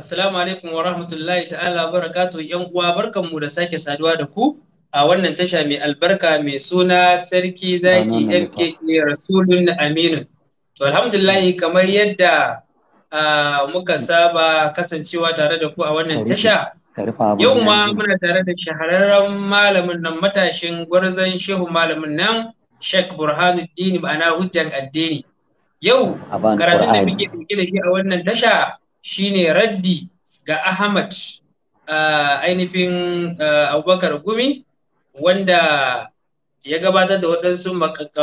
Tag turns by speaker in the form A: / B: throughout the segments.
A: Assalamu alaikum wa rahmatullahi ta'ala barakatu yan uwa mu da sake saduwa da ku a wannan tasha mai albarka mai suna sarki zaki MKK Rasulun Aminu. To alhamdulillahi kamar yadda muka saba kasancewa tare da ku a wannan tasha yau ma muna tare da shahararren malamin nan matashin gwarzon shehu malamin nan Sheikh Burhanuddin ma'ana hujjan addini. Yau karatun da muke dauke da shi a wannan tasha shine raddi ga Ahmad ah, ainihin ah, Abubakar Gumi wanda ya gabatar da waɗansu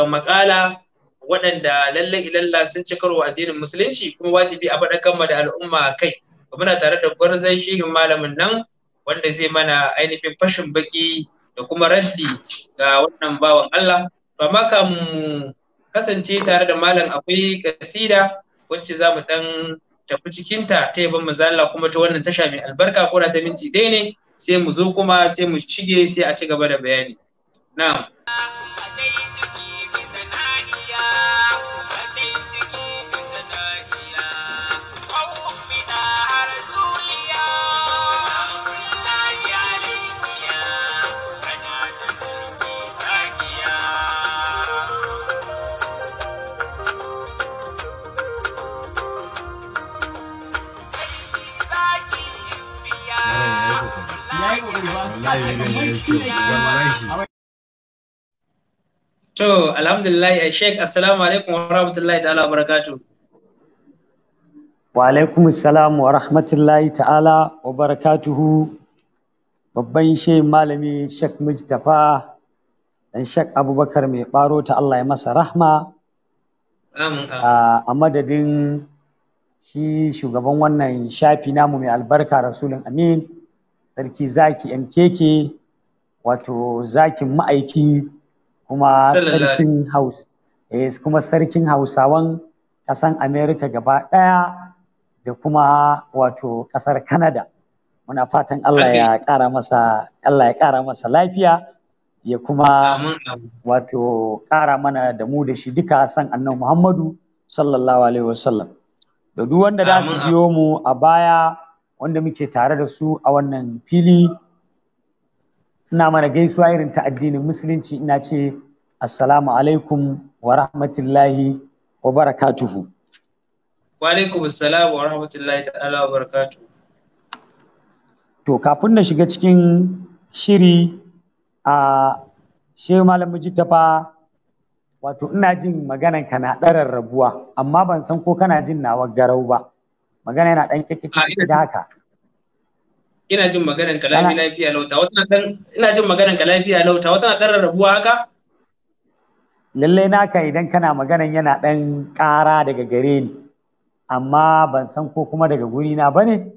A: makala waɗanda lallai ilalla sun ci karo addinin musulunci kuma wajibi a faɗakan mu da al'umma kai muna tare da gwarzan shirin malamin nan wanda zai mana ainihin fashin baki da kuma raddi ga wannan bawan Allah ba ma mu kasance tare da malam akwai kasida wacce za mu dan tafi cikin ta ta yaban manzo Allah kuma ta wannan tasha mai albarka ko ta minti ɗaya ne sai mu zo kuma sai mu cige sai a ci gaba da bayani na'am To, alhamdulillah, eh, Sheikh, assalamu alaikum wa rahmatullahi ta'ala wa barakatu.
B: Wa alaikum assalam wa rahmatullahi ta'ala wa barakatuhu. Babban shehin malami Sheikh Mujtafa dan Sheikh Abubakar mai baro ta Allah ya masa rahma. A madadin shi shugaban wannan shafi namu mai albarka Rasulun Amin, Sarki Zaki MKK. wato zakin ma'aiki kuma sarkin haus eh, kuma sarkin hausawan ƙasan Amerika gaba ɗaya da kuma wato ƙasar canada muna fatan allah ya ƙara masa allah ya ƙara masa lafiya ya kuma wato ƙara mana da mu da shi duka san annan muhammadu sallallahu alaihi wasallam da duk wanda da su biyo mu a baya wanda muke tare da su a wannan fili ina mana gaisuwa irin ta addinin musulunci ina ce assalamu alaikum wa rahmatullahi wa barakatuhu
A: wa alaikum assalamu wa rahmatullahi ta'ala wa barakatuhu
B: to kafin na shiga cikin shiri a shehu malam mujitafa wato ina jin maganan ka na ɗarar rabuwa amma ban san ko kana jin nawa garau ba magana yana ɗan kyakkyakki da haka
A: ina jin maganan ka lafiya lauta wata dan ina jin lafiya lauta wata na dan rarrabuwa haka
B: lalle naka idan kana maganan yana dan ƙara daga gare ni amma ban san ko kuma daga guri na bane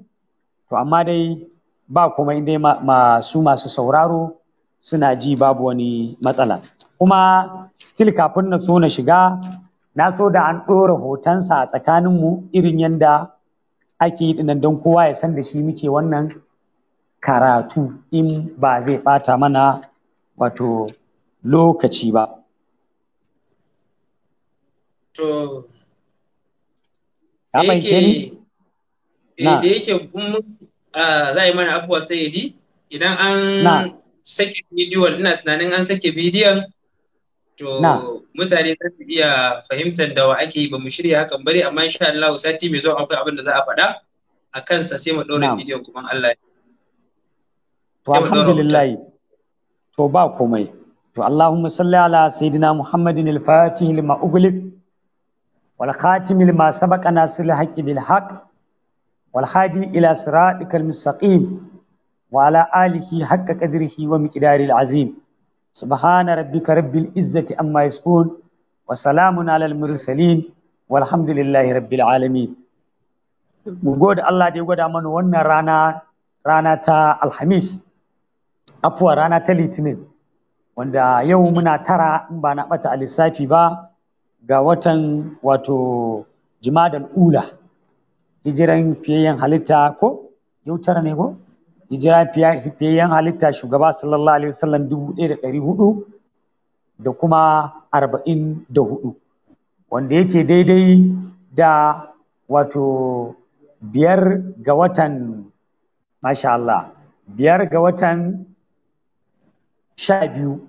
B: to amma dai ba kuma dai masu masu sauraro suna ji babu wani matsala kuma still kafin na so na shiga na so da an ɗora hotonsa a tsakaninmu irin yadda ake yi dinan don kowa ya san da shi muke wannan karatu in ba zai ɓata mana wato lokaci ba
A: to eh, da yake za yi mana abuwa sai yadi idan an sake bidiyon ina tunanin an sake bidiyon to mutane za su iya fahimtar da wa ake yi ba mu shirya hakan bari amma insha Allah sati mai zuwa akwai abin da za a faɗa a kansa sai mu ɗaura bidiyon kuma Allah ya to alhamdulillah
B: to ba komai to Allahumma salli ala sayidina Muhammadin al-Fatih lima ughliq wal khatim lima sabaqa nasir al-haqqi bil haqq wal hadi ila siratikal mustaqim wa ala alihi haqqa qadrihi wa miqdaril azim subhana rabbika rabbil izzati amma yasifun wa salamun ala al-mursalin walhamdulillahi rabbil alamin mu gode Allah da ya gwada mana wannan rana rana ta alhamis afuwa rana ta litinin wanda yau muna tara in ba na bata a lissafi ba ga watan wato jimadan ula hijiran fiyayyen halitta ko yau tara ne ko hijira fiyayyen halitta shugaba sallallahu alaihi wasallam dubu ɗaya da ɗari hudu da kuma arba'in da hudu wanda yake daidai da wato biyar ga watan masha Allah biyar ga watan sha biyu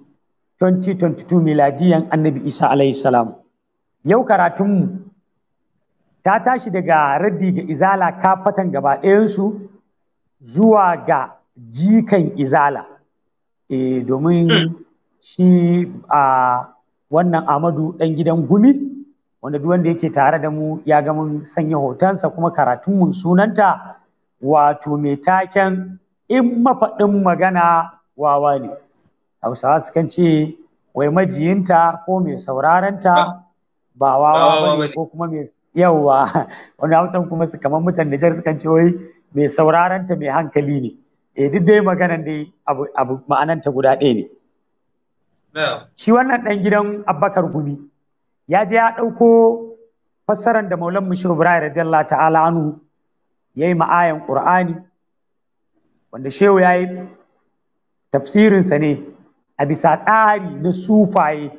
B: 2022 miladiyan annabi isa alaihi salam yau karatunmu ta tashi daga raddi ga izala kafatan gaba ɗayansu zuwa ga jikan izala e, domin shi a wannan amadu ɗan gidan gumi wanda duk wanda yake tare da mu ya ga sanya hotonsa kuma karatunmu sunanta wato mai taken in mafaɗin magana wawa ne hausawa sukan ce wai majiyinta ko mai sauraranta ba wawa ba ko kuma mai yawa wani hausan kuma su kamar mutan Nijar sukan ce wai mai sauraranta mai hankali ne eh duk dai maganan dai abu abu ta guda ɗaya ne shi wannan dan gidan Abubakar Gumi ya je ya dauko fassarar da Maulan Mushir Ibrahim radiyallahu ta'ala anhu yayi ma'ayan Qur'ani wanda shehu yayi tafsirinsa ne a bisa tsari na sufaye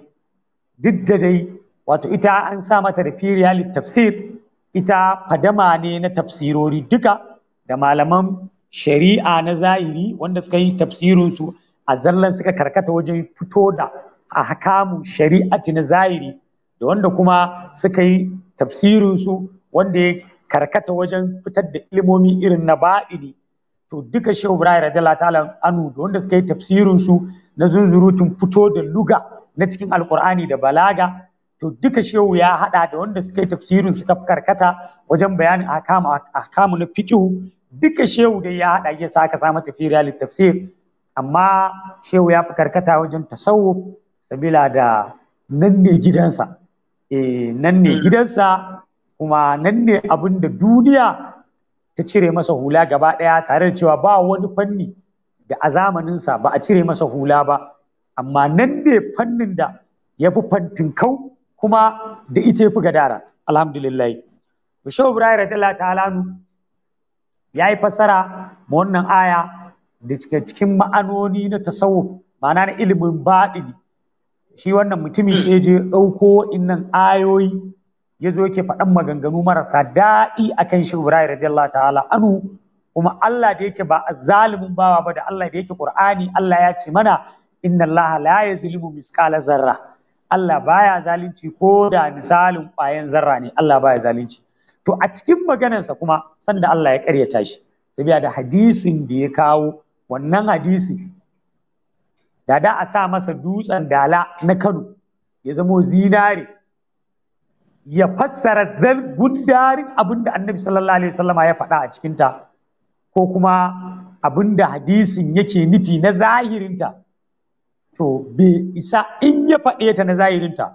B: duk da dai wato ita an sa mata da firiyali tafsir ita fadama ne na tafsirori duka da malaman shari'a na zahiri wanda suka yi tafsirinsu a zallan suka karkata wajen fito da a hakamu shari'ati na zahiri da wanda kuma suka yi tafsirinsu wanda ya karkata wajen fitar da ilimomi irin na ba'ini to duka shehu ibrahim radiyallahu ta'ala anu da wanda suka yi tafsirinsu na zunzurutun fito da luga na cikin alkur'ani da balaga to duka shehu ya hada da wanda suka yi tafsirin suka karkata wajen bayanin ahkamu na fiqhu duka shehu dai ya hada shi saka sa mata fi riyalit tafsir amma shehu ya fi karkata wajen tasawuf sabila da nan ne gidansa eh nan ne hmm. gidansa kuma nan ne abin da duniya ta cire masa hula gaba daya tare da cewa ba wani fanni da a zamaninsa ba a cire masa hula ba amma nan ne fannin da ya fi fantin kau kuma da ita ya fi gadara alhamdulillah Bishop Ibrahim radiyallahu ta'ala ya yi fassara ma wannan aya da cikin ma'anoni na tasawu ma'ana na ilimin baɗini shi wannan mutumi shi je ɗauko innan ayoyi ya zo yake faɗan maganganu marasa daɗi akan shi Ibrahim radiyallahu ta'ala anu kuma Allah da yake ba zalimin bawa ba da Allah da yake Qur'ani Allah ya ce mana inna Allah la yazlimu misqala zarra Allah baya zalunci ko da misalin ƙwayan zarra ne Allah baya zalunci to a cikin maganarsa kuma sanda Allah ya ƙaryata shi sabiya da hadisin da ya kawo wannan hadisi da da a sa masa dutsen dala na Kano ya zamo zinare ya fassara zan gundarin abinda annabi sallallahu alaihi wasallama ya faɗa a cikinta ko kuma abin da hadisin yake nufi na zahirinta to bai isa in ya faɗe ta na zahirinta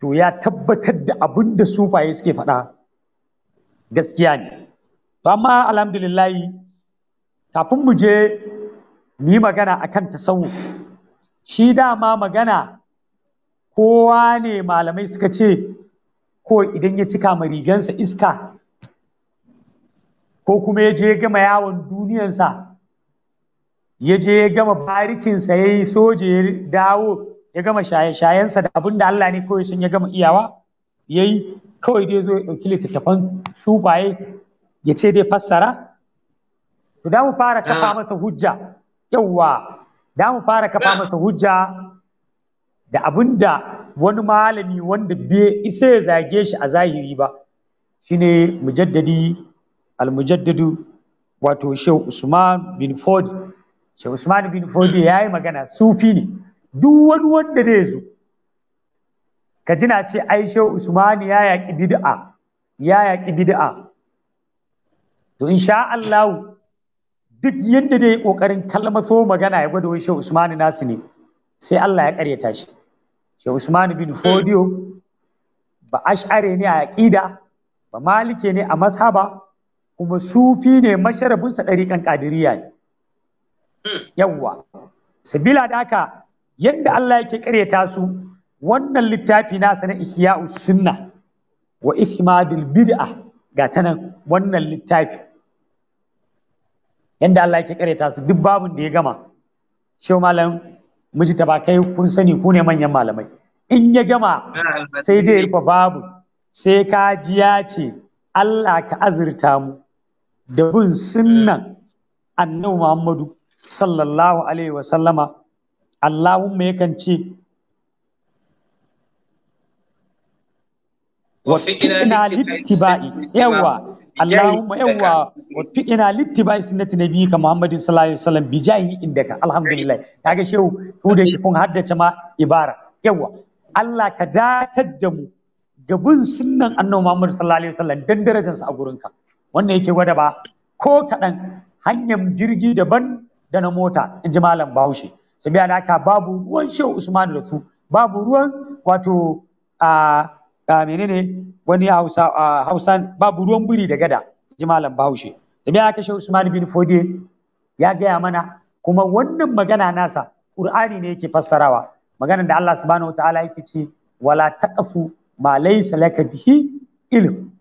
B: to ya tabbatar da abin da sufaye suke faɗa gaskiya ne to amma alhamdulillahi kafin mu je mu yi magana akan tasawu shi dama magana kowa ne malamai suka ce ko idan ya cika ma rigansa iska ko kuma ya je ya gama yawon duniyansa ya je ya gama barikinsa ya yi soja ya dawo ya gama shaye-shayensa da abin da Allah ne kawai sun ya gama iyawa ya yi kawai dai zo ya ɗauki littattafan sufaye ya ce dai fassara to da mu fara kafa ah. masa hujja yawwa da mu fara kafa ah. masa hujja da abin da wani malami wanda bai isa ya zage shi a zahiri ba shine mujaddadi almujaddadu wato shehu usman bin fodi shehu usman bin fodi ya yi magana sufi ne duk wani wanda zai zo ka jina ce ai shehu usman ya yaƙi bid'a ya yaƙi bid'a to insha Allah duk yadda dai kokarin kalmaso magana ya gwada wai shehu usman nasu ne sai Allah ya karyata shi shehu usman bin fodiyo ba ash'are ne a aqida ba malike ne a mashaba kuma sufi ne masharabinsa ɗariƙan ƙadiriya ne hmm. yawwa sabila da haka yadda Allah yake ƙaryata su wannan littafi nasa na ihya sunna wa ihmadul bid'a ga nan wannan littafi yadda Allah yake ƙaryata su duk babun da ya gama shi malam miji kai kun sani ku ne manyan malamai in ya gama sai dai rufe babu sai ka ji ya ce Allah ka azurta mu da bin sunan eh. annabi Muhammadu sallallahu alaihi wa sallama Allahumma yakan ce
A: wa fi'ina
B: littiba'i yawa Allahumma yawa wa fi'ina littiba'i sunnati ka Muhammadu sallallahu alaihi wa sallam, wasallam bijahi indaka alhamdulillah kaga shehu ku da kun haddace ma ibara yawa Allah ka datar da mu gabin sunnan annabi Muhammadu sallallahu alaihi wa wasallam dan darajarsa a gurinka wannan yake gwada ba ko kaɗan hanyar jirgi daban da na mota in ji malam bahaushe biya da babu ruwan shehu usman da su babu ruwan wato a menene wani hausa hausa babu ruwan biri da gada ji malam bahaushe sabiya haka shehu usman bin fode ya gaya mana kuma wannan magana nasa qur'ani ne yake fassarawa maganar da Allah subhanahu wataala yake ce wala ta'afu ma laysa laka bihi ilm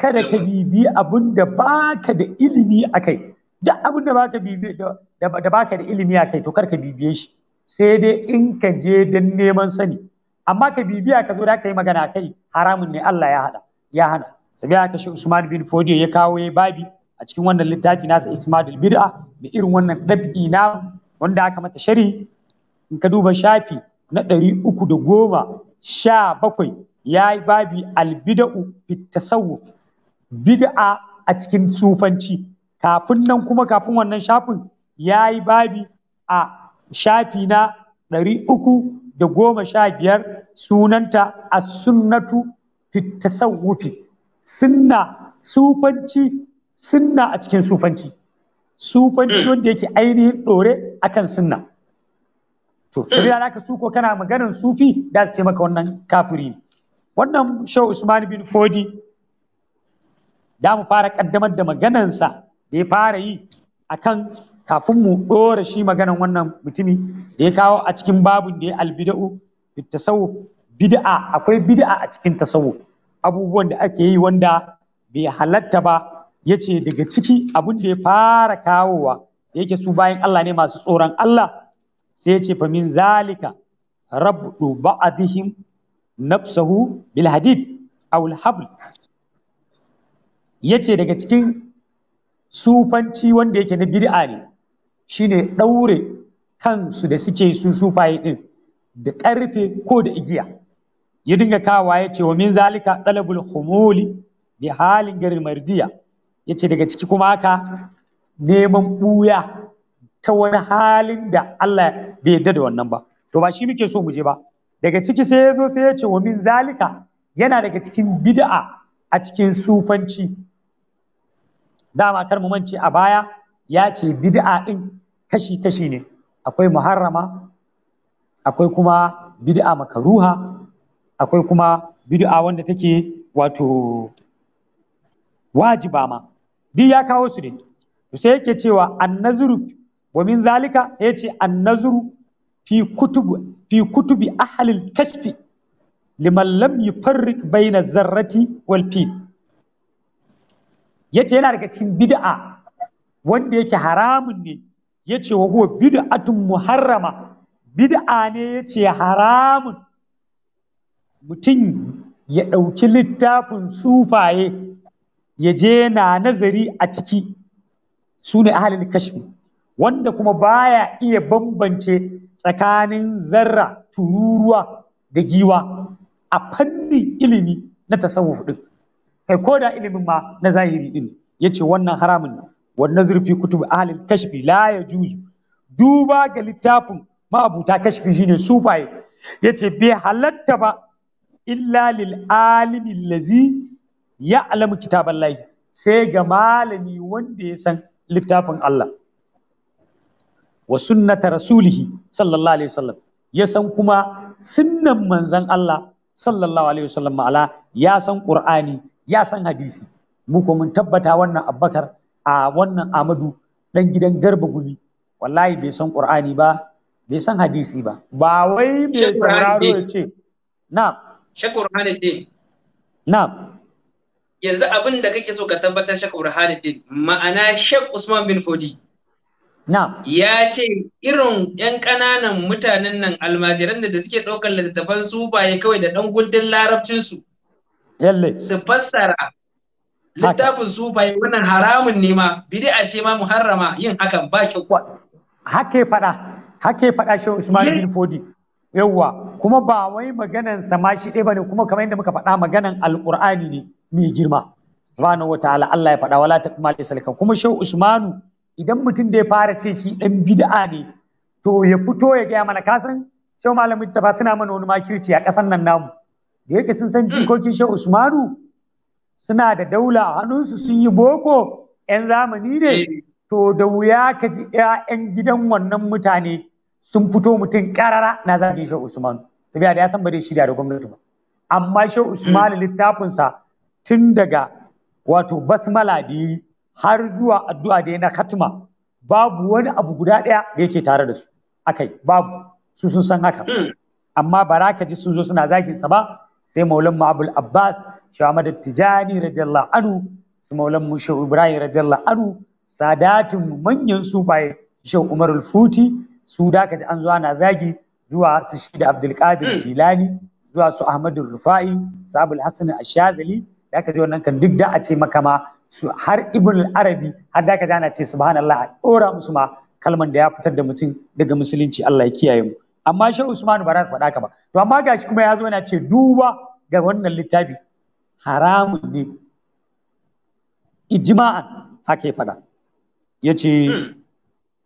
B: kada ka bibi abin da baka da ilimi akai, kai duk abin da baka bibi da baka da ilimi a to kar ka bibiye shi sai dai in ka je dan neman sani amma ka bibiya ka zo da ka yi magana kai haramun ne Allah ya hada ya hana sabi haka shi Usman bin Fodi ya kawo ya babi a cikin wannan littafi na nasa Ikmadul Bid'a da irin wannan dab'i na wanda aka mata shari in ka duba shafi na ɗari uku da goma sha bakwai ya yi babi albida'u fit tasawuf bid'a a cikin sufanci kafin nan kuma kafin wannan shafin ya yi babi a shafi na ɗari da goma sha biyar sunanta a sunnatu fitasawufi sunna sufanci sunna a cikin sufanci sufanci hmm. wanda yake ainihin ɗore akan sunna to hmm. shari'a da ka ko kana maganar sufi da su ce maka wannan kafiri wannan shau usman bin fodi da mu fara kaddamar da maganansa da ya fara yi akan kafin mu dora shi maganan wannan mutumi da ya kawo a cikin babun da ya albida'u tasawuf bid'a akwai bid'a a cikin tasawuf abubuwan da ake yi wanda bai halatta ba yace daga ciki abun da ya fara kawowa da yake su bayan Allah ne masu tsoron Allah sai ya ce fa min zalika rabdu ba'dihim nafsahu bil hadid aw al habl ya ce daga cikin sufanci wanda yake na bid'a ne shine ɗaure kansu da suke su sufaye ɗin da ƙarfe ko da igiya ya dinga kawa ya ce wa min zalika ɗalabul humuli bi halin garin mardiya ya ce daga ciki kuma haka neman ɓuya ta wani halin da Allah bai yarda da wannan ba to ba shi muke so mu je ba daga ciki sai ya sai ya ce wa min zalika yana daga cikin bid'a a cikin sufanci dama kar mu mance a baya ya ce bid'a din kashi kashi ne akwai muharrama akwai kuma bid'a makaruha akwai kuma bid'a wanda take wato wajiba ma duk ya kawo su ne sai yake cewa annazuru wa min zalika yace annazuru fi kutubu fi kutubi ahlil kashfi liman lam yufarriq baina zarrati wal fil Ya ce yana daga cikin bid'a wanda yake haramun ne ya ce wa huwa bid'atun muharrama bid'a ne ya ce haramun mutum ya ɗauki littafin sufaye ya je na nazari a ciki su ne ahalin kashfi wanda kuma baya iya bambance tsakanin zarra tururuwa da giwa a fannin ilimi na tasawuf ɗin kai ko da ilimin ma na zahiri din yace wannan haramun ne wannan zurfi kutubu ahalin kashfi la juzu duba ga littafin ma'abuta kashfi shine sufaye yace bai halatta ba illa lil alimi lazi ya alamu kitaballahi sai ga malami wanda ya san littafin Allah wa sunnata rasulihi sallallahu alaihi wasallam ya san kuma sunnan manzon Allah sallallahu alaihi wasallam ma'ala ya san qur'ani ya san hadisi mu ko mun tabbata wannan abbakar a wannan amadu dan gidan garba gumi wallahi bai san qur'ani ba bai san hadisi ba ba wai bai sauraro ya ce
A: na shi qur'ani ne na yanzu abin da kake so ka tabbatar shi qur'ani din ma'ana Sheikh Usman bin Fodi Na'am. Ya ce irin 'yan ƙananan mutanen nan almajiran da suke ɗaukar littattafan su ba kawai da ɗan larabcin larabcinsu. Yalle su fassara littafin sufaye wannan haramun ne ma a ce ma muharrama yin
B: hakan ba kwa. hake fada hake fada shi Usman bin Fodi yawwa kuma ba wai maganan sama shi ɗaya bane kuma kamar yadda muka faɗa maganan alqur'ani ne mai girma subhanahu wataala Allah ya faɗa wala taqmal isalkan kuma shi Usmanu idan mutum da ya fara ce shi dan bid'a ne to ya fito ya gaya mana kasan sai malamin ta suna mana wani makirci a ƙasar nan namu da yake sun san hmm. jikokin shehu usmanu suna da daula a hannunsu sun yi boko 'yan zamani ne eh. to da wuya ka ji 'ya'yan gidan wannan mutane sun fito mutum karara na zagin shehu usmanu biya da ya san ba zai shirya da gwamnati ba amma shehu hmm. usmanu littafinsa tun daga wato basmala da yi har zuwa addu'a da na katma babu wani abu guda daya da yake tare da su akai babu su sun san haka hmm. amma ba ka ji sun zo suna zagin sa ba sai maulan mu abul abbas shahamad tijani radiyallahu anhu su maulan mu shehu ibrahim radiyallahu anhu sadatin manyan sufaye shehu umar futi su da ji an zuwa na zagi zuwa su shi da abdulkadir hmm. jilani zuwa su ahmadu rufa'i sabul abul hasan ashazali da ka ji wannan kan duk da a ce maka ma su har ibn arabi har da ji ana ce subhanallah a ɗora musu ma kalman da ya fitar da mutum daga musulunci Allah ya kiyaye mu amma shi Usman ba za su faɗa ka ba to amma gashi kuma ya zo yana ce duba ga wannan littafi haramun ne ijma'an haka ya faɗa ya ce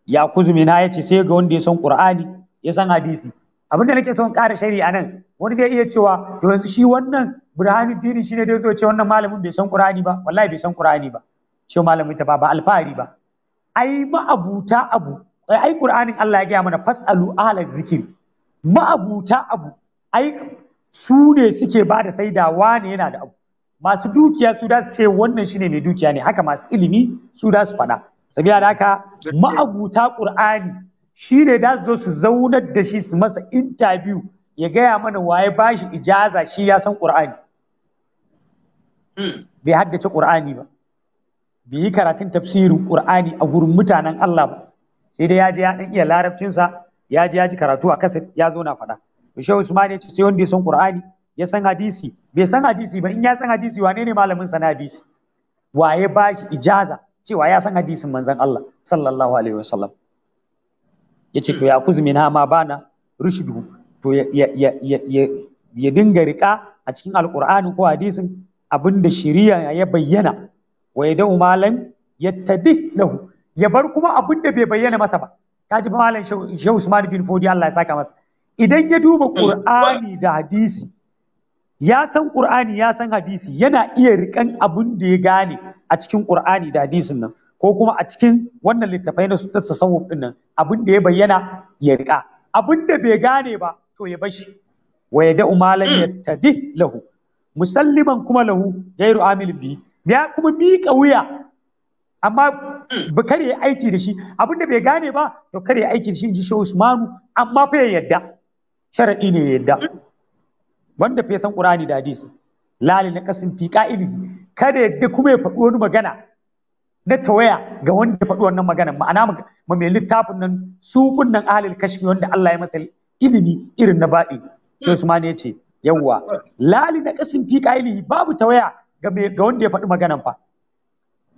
B: ya kuzumina ya ce sai ga wanda ya san qur'ani ya san hadisi abin da nake son ƙara shari a nan wani zai iya cewa to yanzu shi wannan burhanu dini shi ne da ya ce wannan malamin bai san qur'ani ba wallahi bai san qur'ani ba shi malamin ta ba ba alfahari ba ai ma ma'abuta abu ai qur'anin Allah ya gaya mana fasalu ahla zikir ma'abuta abu ai su ne suke ba da saida wane yana da abu masu dukiya su da su ce wannan shine mai dukiya ne haka masu ilimi su da su faɗa sabiya da haka ma'abuta qur'ani shine ne da su zo su zaunar da shi su masa interview ya gaya mana waye ba shi ijaza shi ya san qur'ani bai haddace qur'ani ba bai yi karatun tafsirin qur'ani a gurin mutanen Allah ba sai dai ya je ya dan iya larabcinsa ya je ya ji karatu a kasir ya zo na faɗa shehu usman ya ce sai wanda ya san qur'ani ya san hadisi bai san hadisi ba in ya san hadisi wane ne malamin sa na hadisi waye ba shi ijaza cewa ya san hadisin manzon Allah sallallahu alaihi wasallam yace to ya kuzmin ha ma bana rushidu to ya ya ya ya dinga rika a cikin alqur'ani ko hadisin abinda shari'a ya bayyana wa dau malam yattadi lahu ya bar kuma abin da bai bayyana masa ba Ka ji malam shehu usman bin fodi Allah ya saka masa idan ya duba hmm. qur'ani da hadisi ya san qur'ani ya san hadisi yana iya rikan abin da ya gane a cikin qur'ani da hadisin nan ko kuma a cikin wannan littafai na sutar tasawuf din nan abin da ya bayyana ya rika abin da bai gane ba to ya bashi wa ya da'u malam hmm. yattadi lahu musalliman kuma lahu gairu amil bi ya kuma miƙa wuya amma hmm. ba kare ya aiki da shi abin da bai gane ba to kare ya aiki da shi ji shi Usmanu amma fa ya yadda shar'i ne ya yadda hmm. wanda fa san Qur'ani da hadisi lali na kasin fi qa'ili kada yadda kuma ya faɗi wani magana na tawaya ga wanda ya faɗi wannan magana, ma'ana ma mai littafin nan su kunnan ahlul kashfi wanda Allah ya masa ilimi irin na ba'i hmm. shi Usmanu ya ce yawwa lali na kasin fi qa'ili babu tawaya ga wanda ya faɗi maganan fa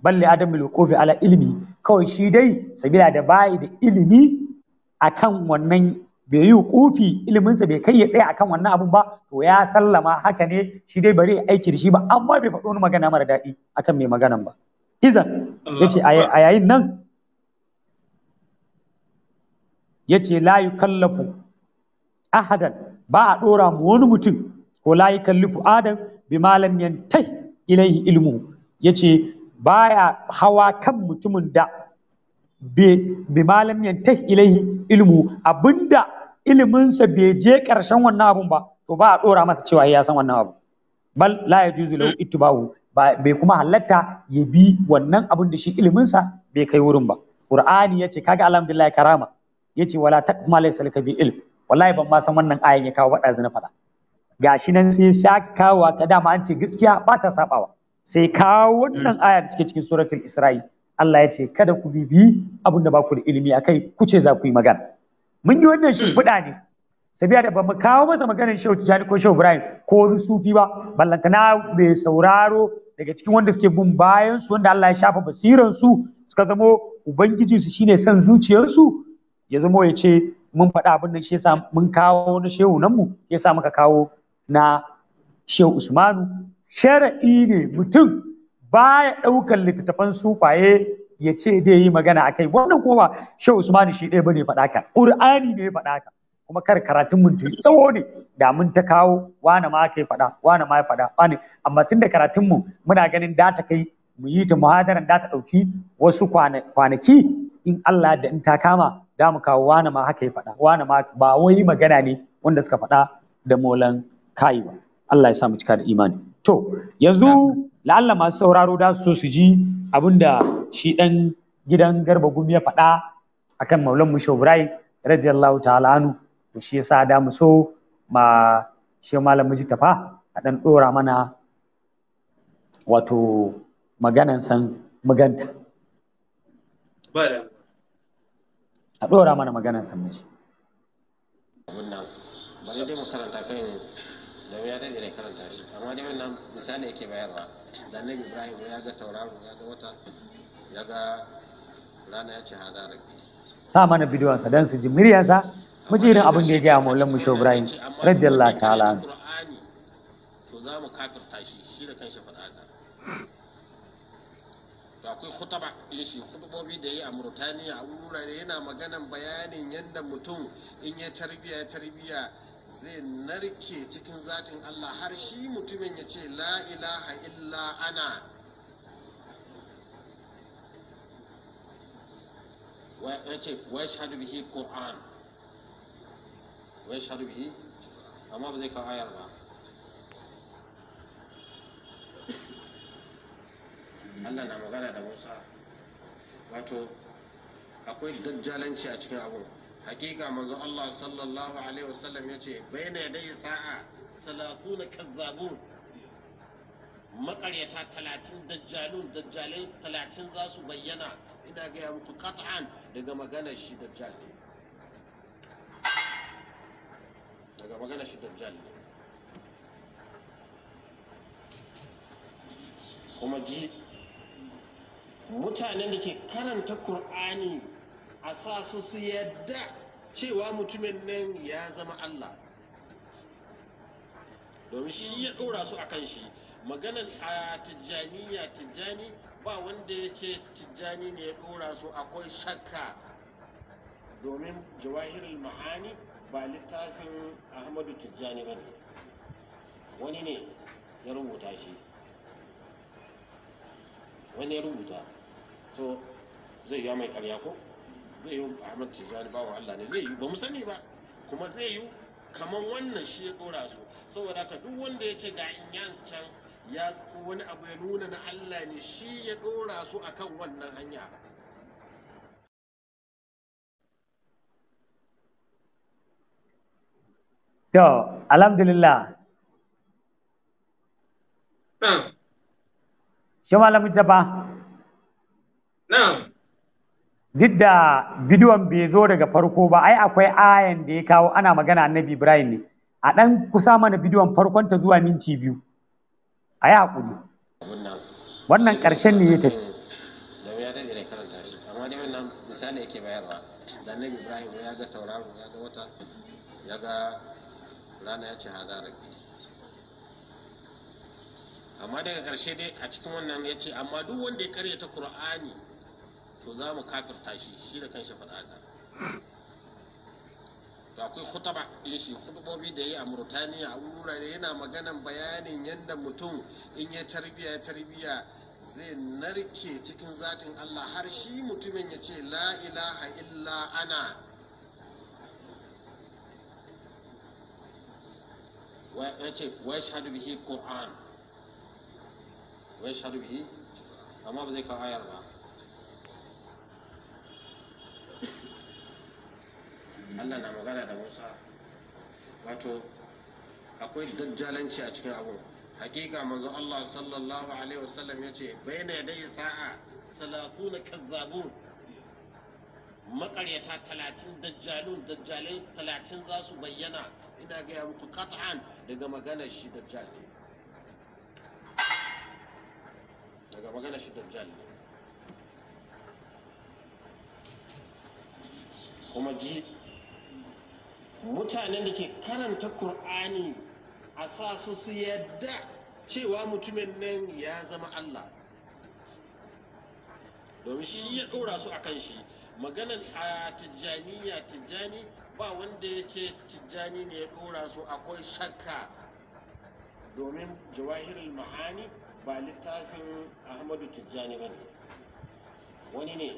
B: balle adam bil kofi ala ilimi kawai shi dai sabila da bai da ilimi akan wannan bai yi kofi iliminsa bai kai ya tsaya akan wannan abun ba to ya sallama haka ne shi dai bari aiki da shi ba amma bai faɗo wani magana mara daɗi akan mai maganan ba izan yace a yayin nan yace la yukallafu ahadan ba a ɗora mu wani mutum ko la yukallifu adam bi malam yantai ilaihi ilmu yace baya hawa kan mutumin da bi malam yantahi ilaihi ilmu abinda iliminsa bai je karshen wannan abun ba to ba a ɗora masa cewa ya san wannan abu bal la yajuzu lahu ittibahu bai kuma halatta ya bi wannan abun da shi iliminsa bai kai wurin ba qur'ani yace kaga alhamdulillah karama yace wala taqma laysa laka bi ilm wallahi ban ma san wannan ayan ya kawo bada zina faɗa gashi nan sai saka kawo ta dama an ce gaskiya ba ta sabawa sai kawo wannan mm. aya da take cikin suratul isra'i Allah ya ce kada ku bibi abin da ba ku da ilimi akai ku ce za ku yi magana mun yi wannan shimfiɗa ne sabiya da ba mu kawo masa maganar shehu tijani ko shehu ibrahim ko wani sufi ba na mai sauraro daga cikin wanda suke bin bayan su wanda Allah ya shafa basiran su suka zamo ubangiji su shine son zuciyarsu ya zamo ya ce mun faɗa abin nan shi yasa mun kawo na shehu nan mu yasa muka kawo na shehu usmanu shara'i ne mutum baya ɗaukar littattafan sufaye ya ce dai yi magana a kai wannan kuma ba shehu usmani shi ɗaya bane faɗa ka ƙur'ani ne faɗa ka kuma kar karatun mun tsawo ne da mun ta kawo wani ma kai faɗa wani ma ya faɗa wani amma tun da karatun mu muna ganin da ta kai mu yi ta muhadaran da ta ɗauki wasu kwanaki in Allah da in ta kama da mu kawo wani ma haka ya faɗa wani ma ba wai magana ne wanda suka faɗa da molan kai Allah ya sa mu cika da imani To, yanzu la'alla masu sauraro da su so su ji abin da shi ɗan gidan garba gumi ya faɗa kan maulan mu shaurai radiyallahu ta'ala anu to shi yasa da mu so ma shi malam miji tafa a ɗan ɗora mana wato maganan san maganta. A ɗora mana maganan san miji.
C: Wannan, bari dai mu karanta kan zai ya daɗe da karanta shi amma dai wannan misali yake bayarwa da annabi ibrahim ya ga tauraro ya ga wata ya ga rana ya ce hada rabbi
B: sa mana bidiyon sa dan su ji muryar sa mu ji irin abin da ya gaya maulan mu shehu ibrahim radiyallahu ta'ala to za mu kafirta shi shi da
C: kanshi faɗa ka to akwai khutaba din shi khutubobi da yi a Murtaniya a wurare yana maganan bayanin yanda mutum in ya tarbiya tarbiya zai narke cikin zatin Allah har shi mutumin ya ce la ilaha illa ana Wai yashhadu bihi qur'an wa bihi amma ba zai kawo ayar ba Allah na magana da Musa wato akwai dajjalanci a cikin abu hakika manzo Allah sallallahu alaihi wasallam yace bayna yadai sa'a 30 kazzabun makaryata talatin dajjalun dajjalai talatin za su bayyana ina gaya muku qat'an daga maganar shi dajjal daga maganar shi dajjal kuma ji mutanen da ke karanta Kur'ani a sa su su yadda cewa mutumin nan ya zama Allah domin shi ya ɗora su a kan shi maganar a Tijjani ya tijjani ba wanda ya ce tijjani ne ya ɗora su akwai shakka domin jawahirul ma'ani ba littafin ahmadu tijjani ba ne wani ne ya rubuta shi wani ya rubuta so zai ya mai karya ko zai yi ahmad tijjani bawa allah ne zai yi ba mu sani ba kuma zai yi kamar wannan shi ya dora su saboda ka duk wanda ya ce ga inyan can ya wani abu ya nuna na allah ne shi ya dora su a kan wannan hanya
B: To, alhamdulillah. Na'am. Shi malamin ta Na'am. duk da bidiyon bai zo daga farko ba ai akwai ayan da ya kawo ana magana annabi ibrahim ne a dan kusa mana bidiyon farkon ta zuwa minti biyu a yi hakuri wannan karshen ne ya tafi
C: amma daga ƙarshe dai a cikin wannan ya ce amma duk wanda ya karyata qur'ani to za mu kafirta shi shi da kanshi faɗa haka to akwai khutaba din shi da yi a Murtaniya a wurare yana maganan bayanin yadda mutum in ya tarbiya ya tarbiya zai narke cikin zatin Allah har shi mutumin ya ce la ilaha illa ana ya ce wa shahadu bihi qur'an wa shahadu bihi amma ba zai kawo ayar ba Allah na magana da Musa wato akwai dajjalanci a cikin abu hakika manzo Allah sallallahu alaihi wasallam yace bayna yadai sa'a 30 kazzabun makaryata talatin dajjalun dajjalai talatin za su bayyana ina ga muku qat'an daga maganar shi dajjal daga maganar shi dajjal kuma ji mutanen da ke karanta Kur'ani a sa su su yadda cewa mutumin nan ya zama Allah domin shi ya ɗora su a kan shi maganan a Tijjani ya tijjani ba wanda ya ce tijjani ne ya ɗora su akwai shakka domin jawahirul ma'ani ba littafin ahmadu tijjani ba ne wani ne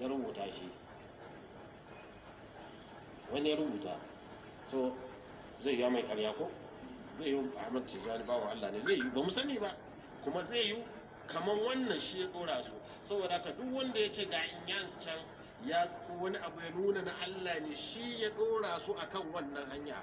C: ya rubuta shi wani ya rubuta so zai yi mai karya ko zai yi ahmad tijjani bawa allah ne zai yi ba mu sani ba kuma zai yi kaman wannan shi ya dora su saboda ka duk wanda ya ce ga inyan can ya wani abu ya nuna na allah ne shi ya dora su akan wannan hanya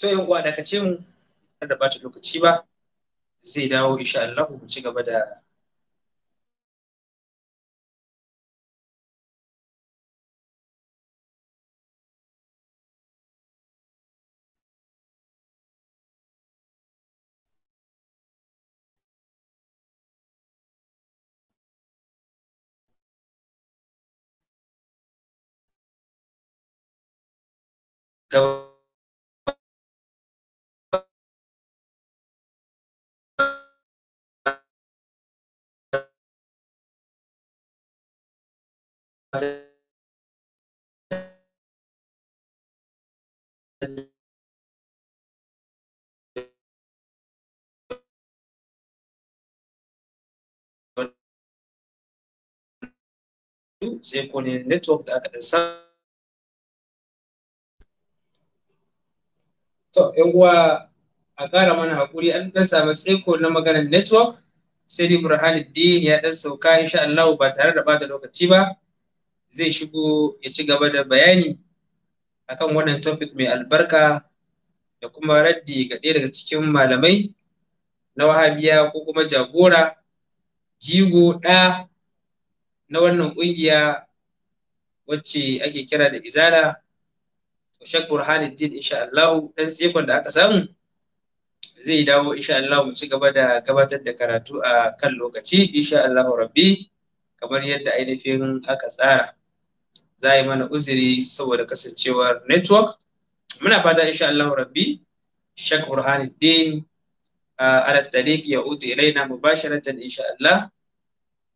A: to yan uwa da kace mu da bata lokaci ba zai dawo insha Allah mu ci gaba da
B: Gracias. sai ko ne
A: network da aka ɗan sa to yan uwa a ƙara mana haƙuri an ɗan samu ko na maganar network sai dai burhanuddin ya ɗan sauka insha Allah ba tare da bata lokaci ba zai shigo ya ci gaba da bayani akan wannan topic mai albarka da kuma raddi ga ɗaya daga cikin malamai na wahabiya ko kuma jagora jigo ɗa na wannan ƙungiya wacce ake kira da izala shek burhanuddin insha Allah dan tsekon da aka samu zai dawo insha Allah mu ci gaba da gabatar da karatu a kan lokaci insha Allah rabbi kamar yadda ainihin aka tsara za a yi mana uziri saboda kasancewar network muna fata insha Allah rabbi shek Burhanuddin على uh, ya udu ilaina mubasharatan insha Allah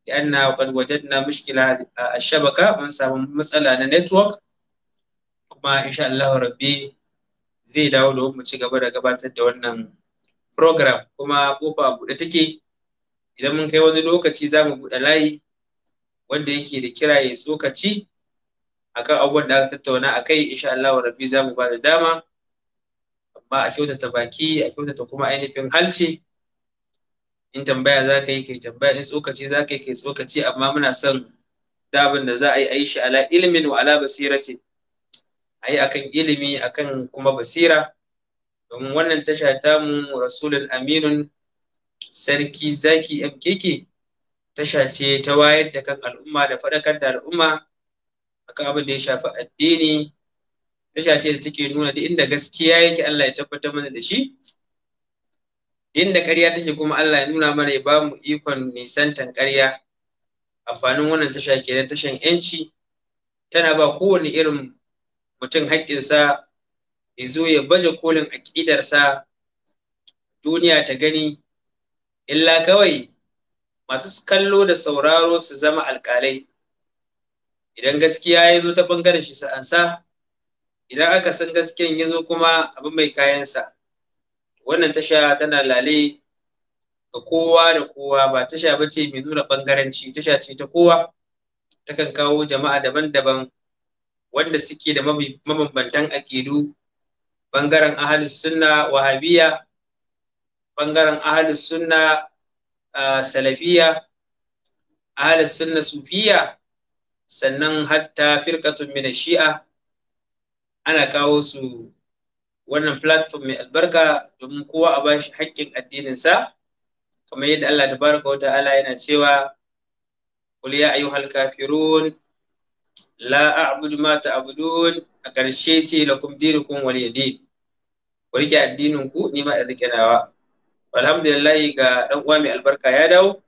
A: الله لأن wajadna mushkila uh, ashabaka shabaka samu samu na na kuma Kuma شاء الله zai dawo da mu ci gaba da gabatar da wannan program kuma kofa buɗe take idan mun kai wani lokaci za mu buɗe layi wanda yake da kiraye tsokaci akan abubuwan da aka tattauna a kai insha Allah wa rabbi za mu ba da dama amma a kyautata baki a kyautata kuma ainihin halce in tambaya za ka yi kai tambaya in tsokaci za ka yi kai tsokaci amma muna son dabin da za a yi a ala ilimin wa ala basira ce a yi akan ilimi akan kuma basira domin wannan tasha ta mu rasulul aminun sarki zaki mkk tasha ce ta wayar da kan al'umma da faɗakar da al'umma akan abin da ya shafi addini tasha ce da take nuna da inda gaskiya yake Allah ya tabbatar mana da shi inda ƙarya take kuma Allah ya nuna mana ya ba mu ikon nisantan ƙarya amfanin wannan tasha ke da tashan yanci tana ba kowane irin mutum haƙƙinsa ya zo ya baje kolin aƙidarsa duniya ta gani illa kawai masu kallo da sauraro su zama alƙalai idan gaskiya ya zo ta bangaren shi sa'ansa idan aka san gaskiyan ya zo kuma abin mai kayansa wannan tasha tana lale ga kowa da kowa ba tasha ba ce mai nuna bangaranci tasha ce ta kowa takan kawo jama'a daban-daban wanda suke da mabambantan akidu bangaren ahalus sunna wahabiya bangaren ahalus sunna ah, salafiya ahalus sunna sufiya sannan hatta firkatun mina shi'a ana kawo su wannan platform mai albarka domin kowa a bashi haƙƙin addininsa kamar yadda Allah baraka wa ta'ala yana cewa qul ya ayyuhal kafirun la a'budu ma ta'budun a ƙarshe ce lakum dinukum waliya ku rike addinin ku ni ma da rike nawa alhamdulillah ga dan uwa mai albarka ya dawo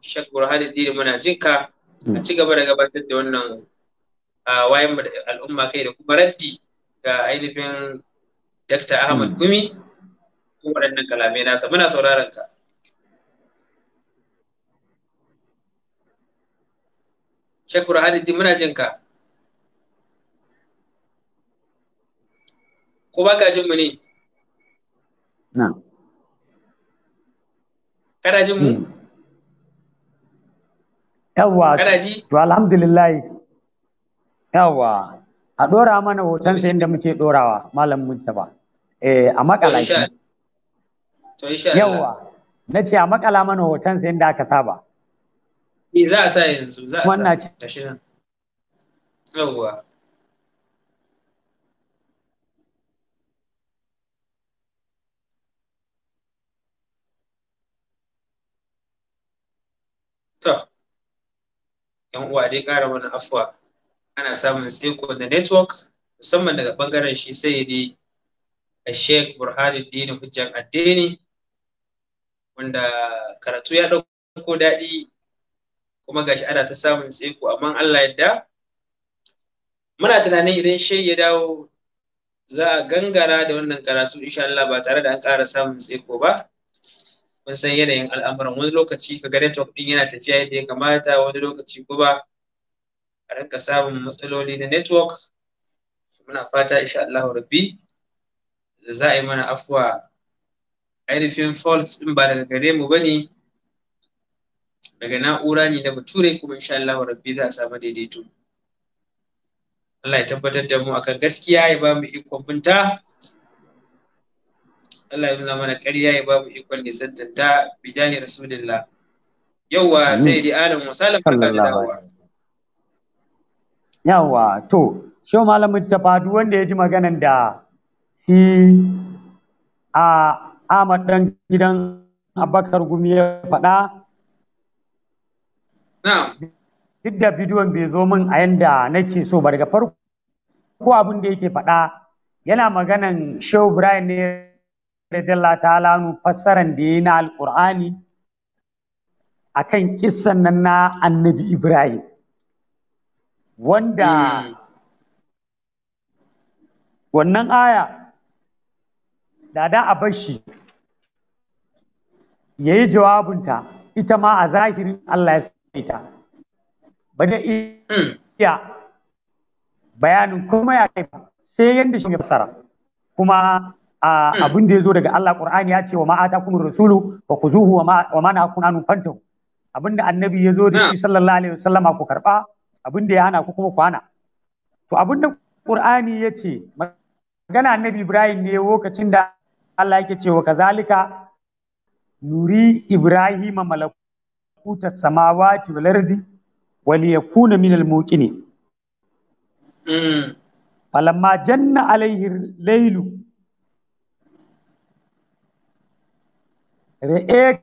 A: shek burhanuddin muna jinka a ci gaba da gabatar da wannan wayan al'umma kai da kuma raddi ga ainihin Dr. Ahmad hmm. Gumi ko waɗannan kalamai nasa muna sauraron ka. Shakur Hadidin muna jin ka. Ko ba ka jin mu ne? Na. Kana jin mu? Hmm.
B: Yawwa, to alhamdulillah Yawwa, a dora mana hoton sai da muke dorawa malam Mustapha eh a makala shi to na ce a makala mana hoton sai da aka saba
A: me za a sa yanzu za a sa shi nan yawa to yan uwa dai kara mana afuwa ana samun tsiko da network musamman daga bangaren shi sai dai a sheik burhanuddin hujjan addini wanda karatu ya ɗauko daɗi kuma gashi ana ta samun tsiko amma allah yadda muna tunanin idan sheik ya dawo za a gangara da wannan karatu insha Allah ba tare da an ƙara samun tsiko ba mun san yanayin al'amuran wani lokaci ka gare network din yana tafiya yadda ya kamata wani lokaci kuma a rinka samun matsaloli na network muna fata insha Allah rabbi za a yi mana afuwa ainihin fault din ba daga gare mu bane daga na'ura ne da bature kuma insha Allah rabbi za a samu daidaito Allah ya tabbatar da mu akan gaskiya ya ba mu ikon binta Allah ya nuna mana ƙarya ya babu ikon nisanta ta bijahi rasulillah yawwa sai da adam musalam barka da
B: yawwa to shi malam Mustapha duk wanda ya ji maganan da shi a Ahmad dan gidan Abakar Gumi ya faɗa duk da bidiyon bai zo min a yanda nake so ba daga farko abin da yake faɗa yana maganan show Brian ne radiyallahu ta'ala nu fassaran da yi na alqur'ani akan kissan nan na annabi ibrahim wanda hmm. wannan aya da a bashi ya yi jawabinta ita ma a zahirin Allah ya sai ta ba da iya bayanin kuma ya kai sai yadda shi ya fasara kuma Hmm. abin da ya zo daga Allah Qur'ani ya ce wa ma atakumur rasulu fa khuzuhu wa ma nahakum anun fantahu abin da annabi ya zo da shi sallallahu alaihi wasallama ku karba abin da ya hana ku kuma ku hana to abin da Qur'ani ya ce magana annabi Ibrahim ne lokacin da Allah yake cewa kazalika nuri Ibrahim malakuta samawati wal ardi wal yakuna min al muqini hmm. falamma janna alaihi lailu ri'e eh,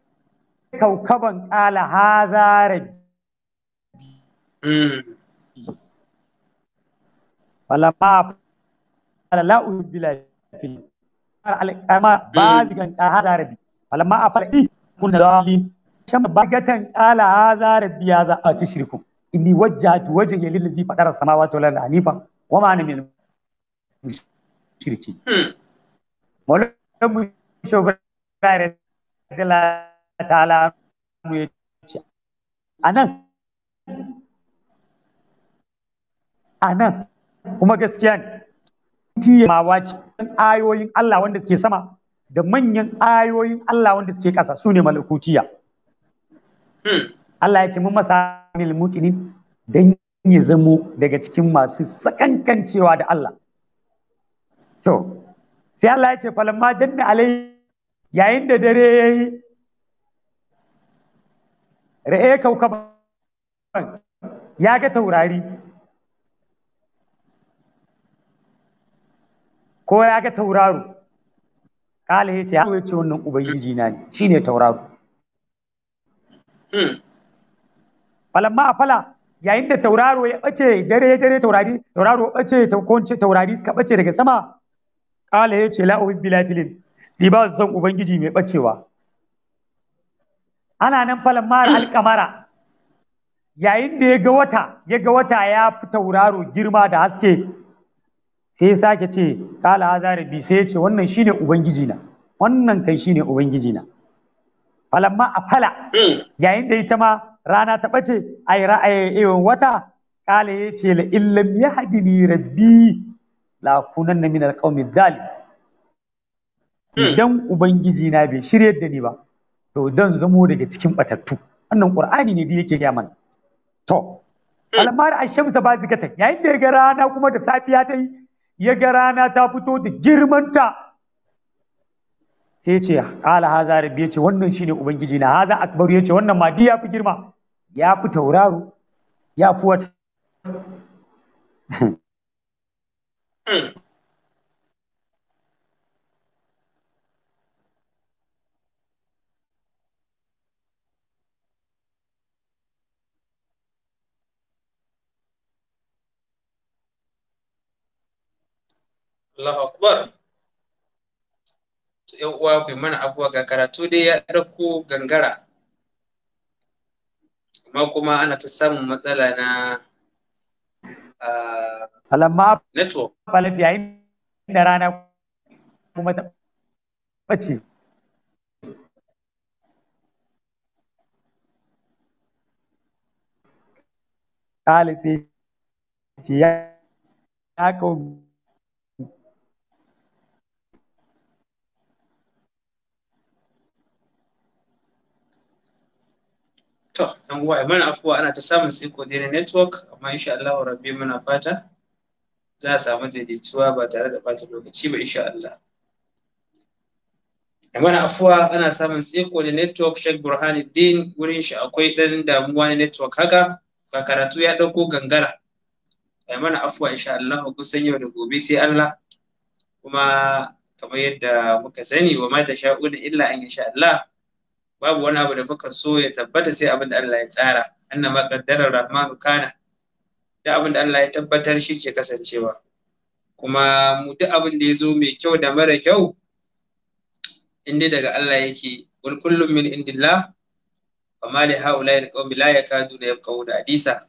B: kaukaban ƙala haza rabbi hmm. falamma fala la ubbila fil alqama hmm. bazigan qala haza rabbi falamma afala i kun dalin sham bagatan qala haza rabbi ya za a tushriku inni wajjahtu wajhiya lillazi fadara samawati wal ardi hanifa wa ma ana min mushriki hmm. mu shogare ta'ala a nan a nan kuma gaskiya ne tiye mawaci ayoyin Allah wanda suke sama da manyan ayoyin Allah wanda suke ƙasa su ne malakutiya hmm. Allah ya ce mun masa mil mutinin dan ya zamo daga cikin masu sakankancewa da Allah to sai Allah ya ce falamma janna alai yayin da dare ya yi ra'e kaukaban ya ga taurari ko ya ga tauraro kala ya ce ya ce wannan ubangiji na ne shi ne tauraro hmm. falamma a fala yayin da tauraro ya ɓace dare ya dare taurari tauraro ɓace ta taurari suka ɓace daga sama kala ya ce la'ubin bilafilin ni ba su san ubangiji mai bacewa ana nan falan mara alƙamara. yayin da ya ga wata ya ga wata ya fi tauraro girma da haske sai sake ce kala bi sai ya ce wannan shine ubangiji na wannan kai shine ubangiji na ma a fala yayin da ita ma rana ta bace ai ra'ayin wata kala ya ce la illam yahdini rabbi la kunanna min alqawmi dhalim Hmm. idan ubangiji na bai shiryar da ni ba to dan zamo daga cikin batattu wannan ƙur'ani ne da yake gaya mana to hmm. almar ashamsa ba zikata yayin da ya ga rana kuma da safiya ta yi ya ga rana ta fito da girmanta sai ce ala haza rabbi ya ce wannan shine ubangiji na haza akbaru ya ce wannan ma ya fi girma ya fi tauraro ya fi wata
C: hmm.
A: Allahu akbar yan uwa bai mana abuwa ga karatu dai ya ɗauko gangara amma kuma ana ta samun matsala na ah, alamma network
B: falat yayin da rana kuma ta bace Kalisi sai ce ya kawo
A: To, uwa mana afuwa ana ta samun tsiko dai network, amma insha Allah rabbi muna fata za a samu daidaituwa ba tare da ɓata lokaci ba insha Allah. mana afuwa ana samun tsiko da network Sheikh Burhanuddin wurin shi akwai ɗan damuwa na network haka ba karatu ya dauko gangara. mana afuwa insha Allah kusan yau da gobe sai Allah kuma kamar yadda muka sani wa ma da illa an insha Allah babu wani abu da muka so ya tabbata sai abin da Allah ya tsara annama qaddara rahmanu kana da abin da Allah ya tabbatar shi ke kasancewa kuma mu duk abin da ya zo mai kyau da mara kyau inda daga Allah yake wal kullum min indillah wa ma li haula al qawmi la yakaduna yafqahuna hadisa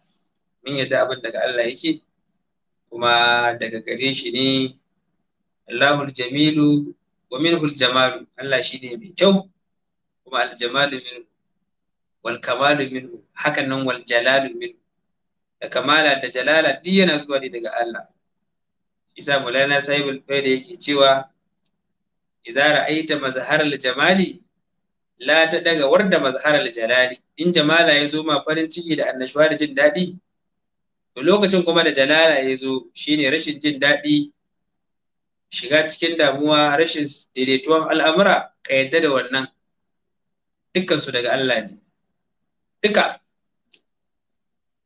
A: min yadda abin daga Allah yake kuma daga gare shi ne Allahul jamilu wa minhul jamalu Allah shine mai kyau kuma aljamalu minhu wal kamalu minhu hakan nan wal jalalu minhu da kamala da jalala duk yana zuwa ne daga Allah isa mulana sahibul faida yake cewa idza ra'aita al jamali la ta daga warda al jalali in jamala ya zo ma farin ciki da annashuwa da jin daɗi to lokacin kuma da jalala ya zo shine rashin jin daɗi shiga cikin damuwa rashin daidaituwan al'amura ka yadda da wannan dukkansu daga Allah ne duka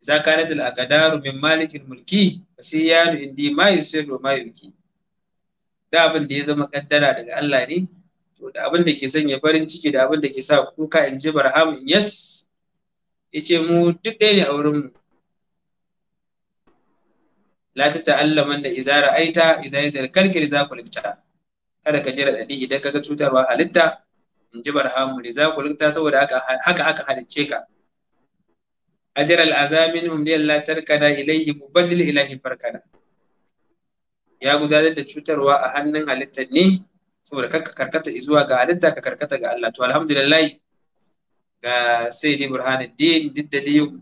A: za ka natal aqdaru min malikin mulki fasiyanu indi ma yusiru ma yuki da abin da ya zama kaddara daga Allah ne to da abin da ke sanya farin ciki da abin da ke sa kuka in ji barham yes yace mu duk ɗaya ne a wurin mu la ta ta'allaman da izara aita da kalkir za ku kada ka ji raɗaɗi idan ka ga cutarwa halitta in ji barhamu za ku lukta saboda haka aka halicce ka ajral azamin hum lil la tarkana ilayhi mubaddil ilahi farkana ya gudanar da cutarwa a hannun halittar ne saboda ka karkata zuwa ga halitta ka karkata ga Allah to alhamdulillah ga sai dai burhanuddin duk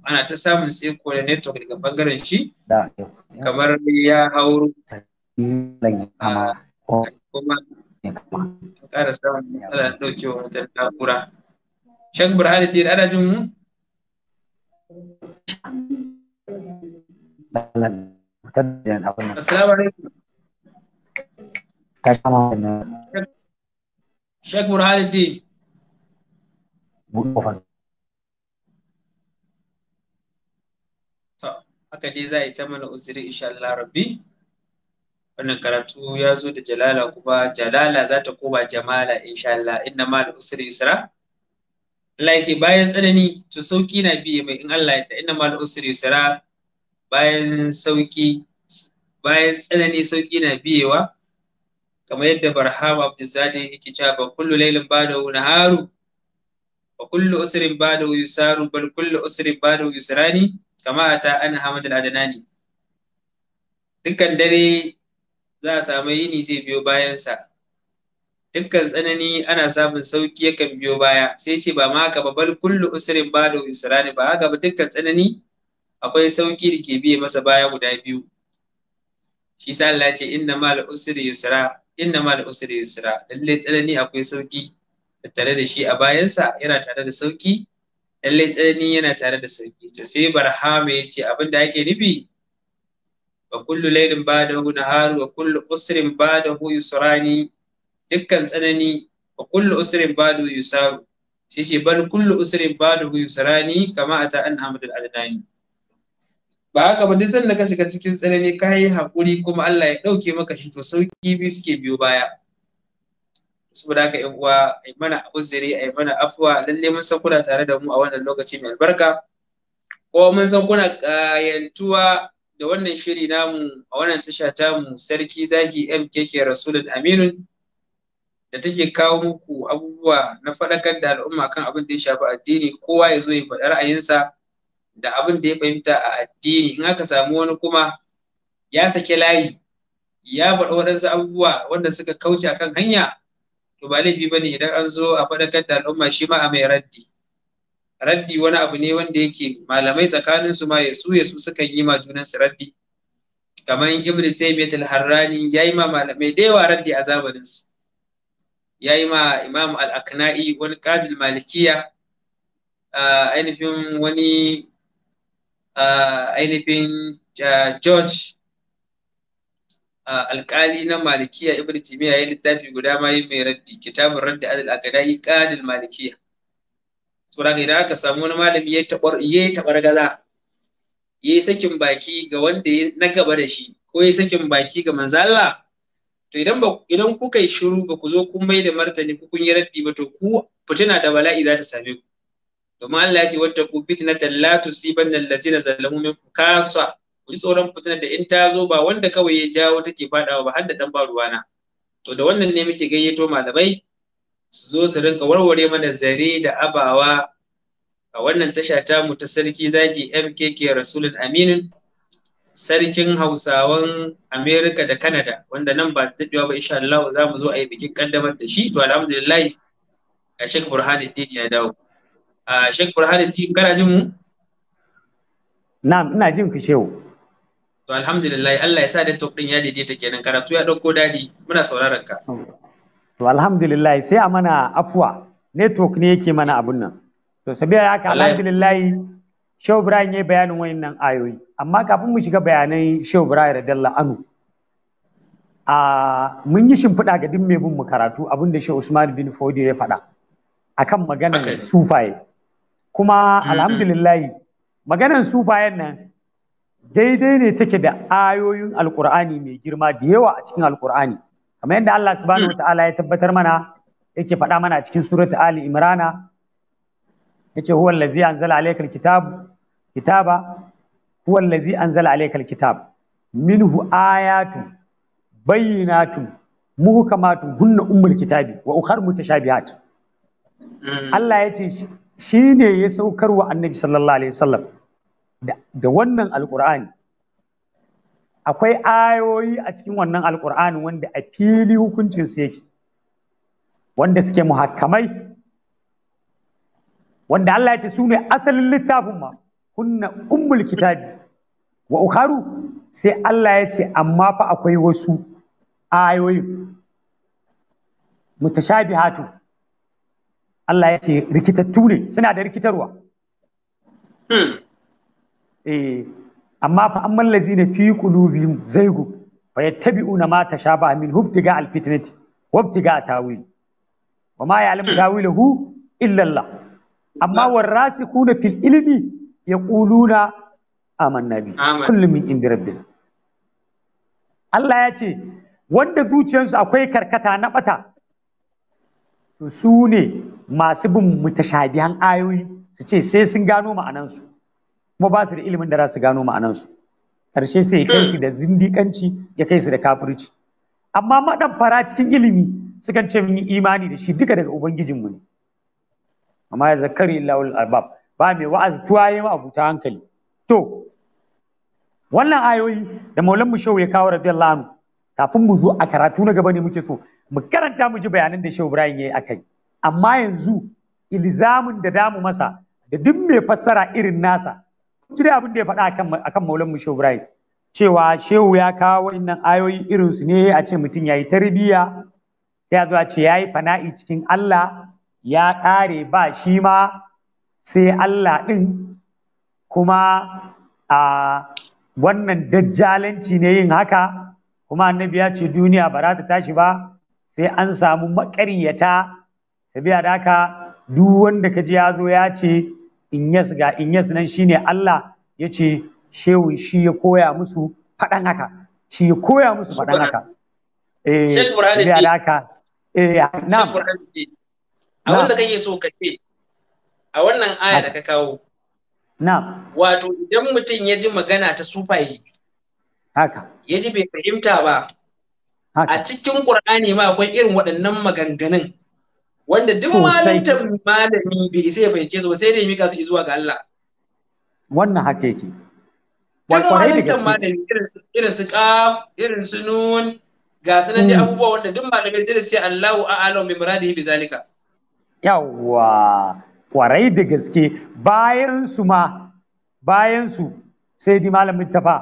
A: ana ta samun ko da network daga bangaren shi kamar ya hauro kuma ƙara samun matsala ɗaukewa wutar na'ura. Shek ana jin mu? Assalamu alaikum. Shek Haka dai za a yi ta mana uzuri insha Allah rabbi. wannan karatu ya zo da jalala kuma jalala za ta koma jamala insha Allah inna ma da usri yusra Allah ya ce bayan tsanani to sauki na biye mai in Allah ya inna ma da usri yusra bayan sauki bayan tsanani sauki na biyewa kamar yadda Barham Abdulzadi yake cewa ba kullu lailin wani naharu wa kullu usrin badawu yusaru bal kullu usrin badawu yusrani kama ta an Hamad al-Adnani dukkan dare za a samu yini zai biyo bayansa dukkan tsanani ana samun sauki yakan biyo baya sai ce ba ma haka ba bal kullu usrin ba'da ne. ba haka ba dukkan tsanani akwai sauki da ke biye masa baya guda biyu shi sa Allah ce inna ma usri yusra inna ma usri yusra lalle tsanani akwai sauki tattare da shi a bayansa yana tare da sauki lallai tsanani yana tare da sauki to sai barhama ya ce abin da ake nufi wa kullu laylin ba'dahu nahar wa kullu usrin ba'dahu yusrani dukkan tsanani wa kullu usrin ba'dahu yusaru sai ce bal kullu usrin ba'dahu yusrani kama ata an amdul adnani ba haka ba duk da ka shiga cikin tsanani ka hakuri kuma Allah ya ɗauke maka shi to sauki biyu suke biyo baya saboda haka yan uwa ai mana uzuri ai mana afwa lalle mun san kula tare da mu a wannan lokaci mai albarka ko mun san kuna ƙayantuwa da wannan shiri namu a wannan tasha mu, sarki zaki mkk rasulun aminun da take kawo muku abubuwa na faɗakar da al'umma kan abin da ya shafi addini kowa ya zo ya faɗi ra'ayinsa da abin da ya fahimta a addini in aka samu wani kuma ya sake layi ya faɗa waɗansu abubuwa wanda suka kauce akan hanya to ba laifi bane idan an zo a faɗakar da al'umma shi ma a mai raddi raddi wani abu ne wanda yake malamai tsakanin su ma ya su ya su sukan yi ma junan su raddi kamar ibnu taymiyyah al-harrani yayi ma malamai da yawa raddi a zamanin su yayi ma imam al-akna'i wani qadil malikiya ainihin wani ainihin george alkali na malikiya ibnu taymiyyah yayi littafi guda ma yi mai raddi kitabun raddi al-akna'i qadil malikiya saboda idan aka samu wani malami ya ragaza ya yi sakin baki ga wanda na gaba da shi ko ya yi sakin baki ga Manzala? Allah to idan kuka yi shiru ba ku zo kun mai da martani ku kun yi raddi ba to ku fitina da bala'i za ta same ku domin Allah ya ce wata ku fitnatan la tusibanna na zalamu ku kasa ku ji tsoron fitinar da in ta zo ba wanda kawai ya jawo take fadawa ba har da dan ba ruwana to da wannan ne muke gayyato malamai su zo su rinka warware mana zare da abawa a wannan tasha mu ta sarki zaki mkk rasulun aminin sarkin hausawan america da canada wanda nan ba daɗewa ba insha Allah za mu zo a yi bikin kaddamar da shi to alhamdulillah a shek burhanuddin ya dawo a shek burhanuddin kana jin mu
B: na'am ina jin ku shehu
A: to alhamdulillah Allah ya sa da din ya daidaita kenan karatu ya dauko dadi muna sauraron ka
B: to alhamdulillah sai a mana afuwa network ne yake mana abun nan to ya ka alhamdulillah Shehu Ibrahim ya bayanin wayannan ayoyi amma kafin mu shiga bayanan Shehu Ibrahim radiyallahu anhu a mun yi shimfiɗa ga duk mai bin mu karatu abin da Shehu Usman bin Fodi ya faɗa akan maganar sufaye kuma alhamdulillah maganar sufayen nan daidai ne take da ayoyin alkur'ani mai girma da yawa a cikin alkur'ani kamar yadda Allah subhanahu hmm. ta'ala ya tabbatar mana yake faɗa mana a cikin suratu Ali Imrana yace huwa allazi anzala alaykal kitab kitaba huwa allazi anzala alaykal kitab minhu ayatu bayyinatu muhkamatu hunna ummul kitabi wa ukhar mutashabihat hmm. Allah yace shine ya saukar wa Annabi sallallahu alaihi wasallam da wannan alqur'ani akwai ayoyi a cikin wannan alkur'ani wanda a fili hukuncin su yake wanda suke muhakkamai wanda Allah ya ce su ne asalin littafin ma kunna ummul kitabi wa ukharu sai Allah ya ce amma fa akwai wasu ayoyi mutashabihatu Allah ya ce rikitattu ne suna da rikitarwa hmm. eh amma fa amman lazina fi qulubihim zaygu fayattabi'una ma tashabaha min hubtiga alfitnati wabtiga tawil wa ma ya'lam hmm. tawilahu illa Allah amma hmm. warasikuna fil ilmi yaquluna amanna bi kullu min indi rabbina Allah ya ce wanda zuciyarsu akwai karkata na bata to su ne masu bin mutashabihan ayoyi su ce sai sun gano ma'anansu kuma ba su da ilimin da za su gano ma'anansu ƙarshe sai ya kai su da zindikanci, ya kai su da kafirci amma madan fara cikin ilimi sukan ce mun yi imani da shi duka daga ubangijinmu ne amma ya zakari illahul albab ba mai wa'azi tuwaye ma abuta hankali to wannan ayoyi da maulan mu shehu ya kawo radiyallahu anhu kafin mu zo a karatu na gaba ne muke so mu karanta mu ji bayanan da shehu ibrahim ya yi akai amma yanzu ilzamin da damu masa da duk mai fassara irin nasa ji dai abin da ya faɗa akan akan Maulan mu Ibrahim cewa Shehu ya kawo wannan ayoyi irin su ne a ce mutum yayi tarbiya sai ya zo a ce yayi fana'i cikin Allah ya ƙare ba shi ma sai Allah ɗin kuma a wannan dajjalanci ne yin haka kuma annabi ya ce duniya ba za ta tashi ba sai an samu maƙaryata tabiya da haka duk wanda ka ji ya zo ya ce inyas ga inyas nan shine Allah ya ce shehu shi ya koya musu faɗan haka shi ya koya musu faɗan haka eh da alaka eh na'am
A: abin da kake so ka ce a wannan aya da ka kawo na wato idan mutum ya ji magana ta sufaye haka ya ji bai fahimta ba a cikin Qur'ani ma akwai irin waɗannan maganganun wanda duk malantar malami bai sai ya fahimce su ba sai dai mika su zuwa ga Allah
B: wannan haka yake
A: duk malantar malami irin su qaf irin su nun ga sanan da hmm. abubuwa wanda duk malami sai da sai Allahu a'ala bi muradihi bi zalika
B: yawa kwarai da gaske bayan su ma bayan su sai di malamin tafa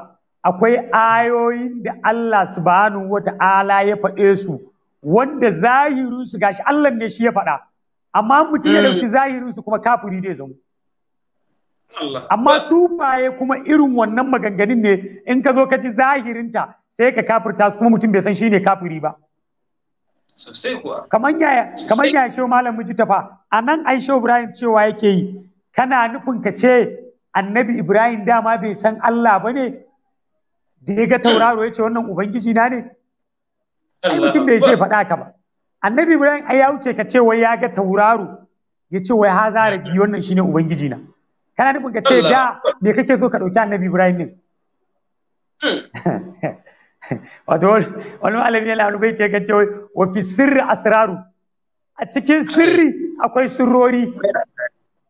B: akwai ayoyin da Allah subhanahu wata'ala ya faɗe su wanda zahirinsu gashi Allah ne shi ya faɗa amma mutum ya dauki eh. zahirinsu kuma kafiri zai zama amma sufaye kuma irin wannan maganganun ne in ka zo ka ji zahirinta sai ka kafirta su kuma mutum bai san ne kafiri ba kamar yaya kamar Malam shehu malam A anan aisha ibrahim cewa yake yi kana nufin ka ce annabi ibrahim dama bai san Allah ne? da ya ga tauraro ya ce wannan ubangiji na ne
C: mutum bai sai faɗa ka
B: ba annabi ibrahim ai ya wuce ka ce wai ya ga tauraro ya ce wai ha za rabbi wannan shine ubangiji na kana nufin ka ce da me kake so ka ɗauki annabi ibrahim ne hmm. wato wani malami ne wani bai ce ka ce wa fi sirri asraru a cikin sirri akwai sirrori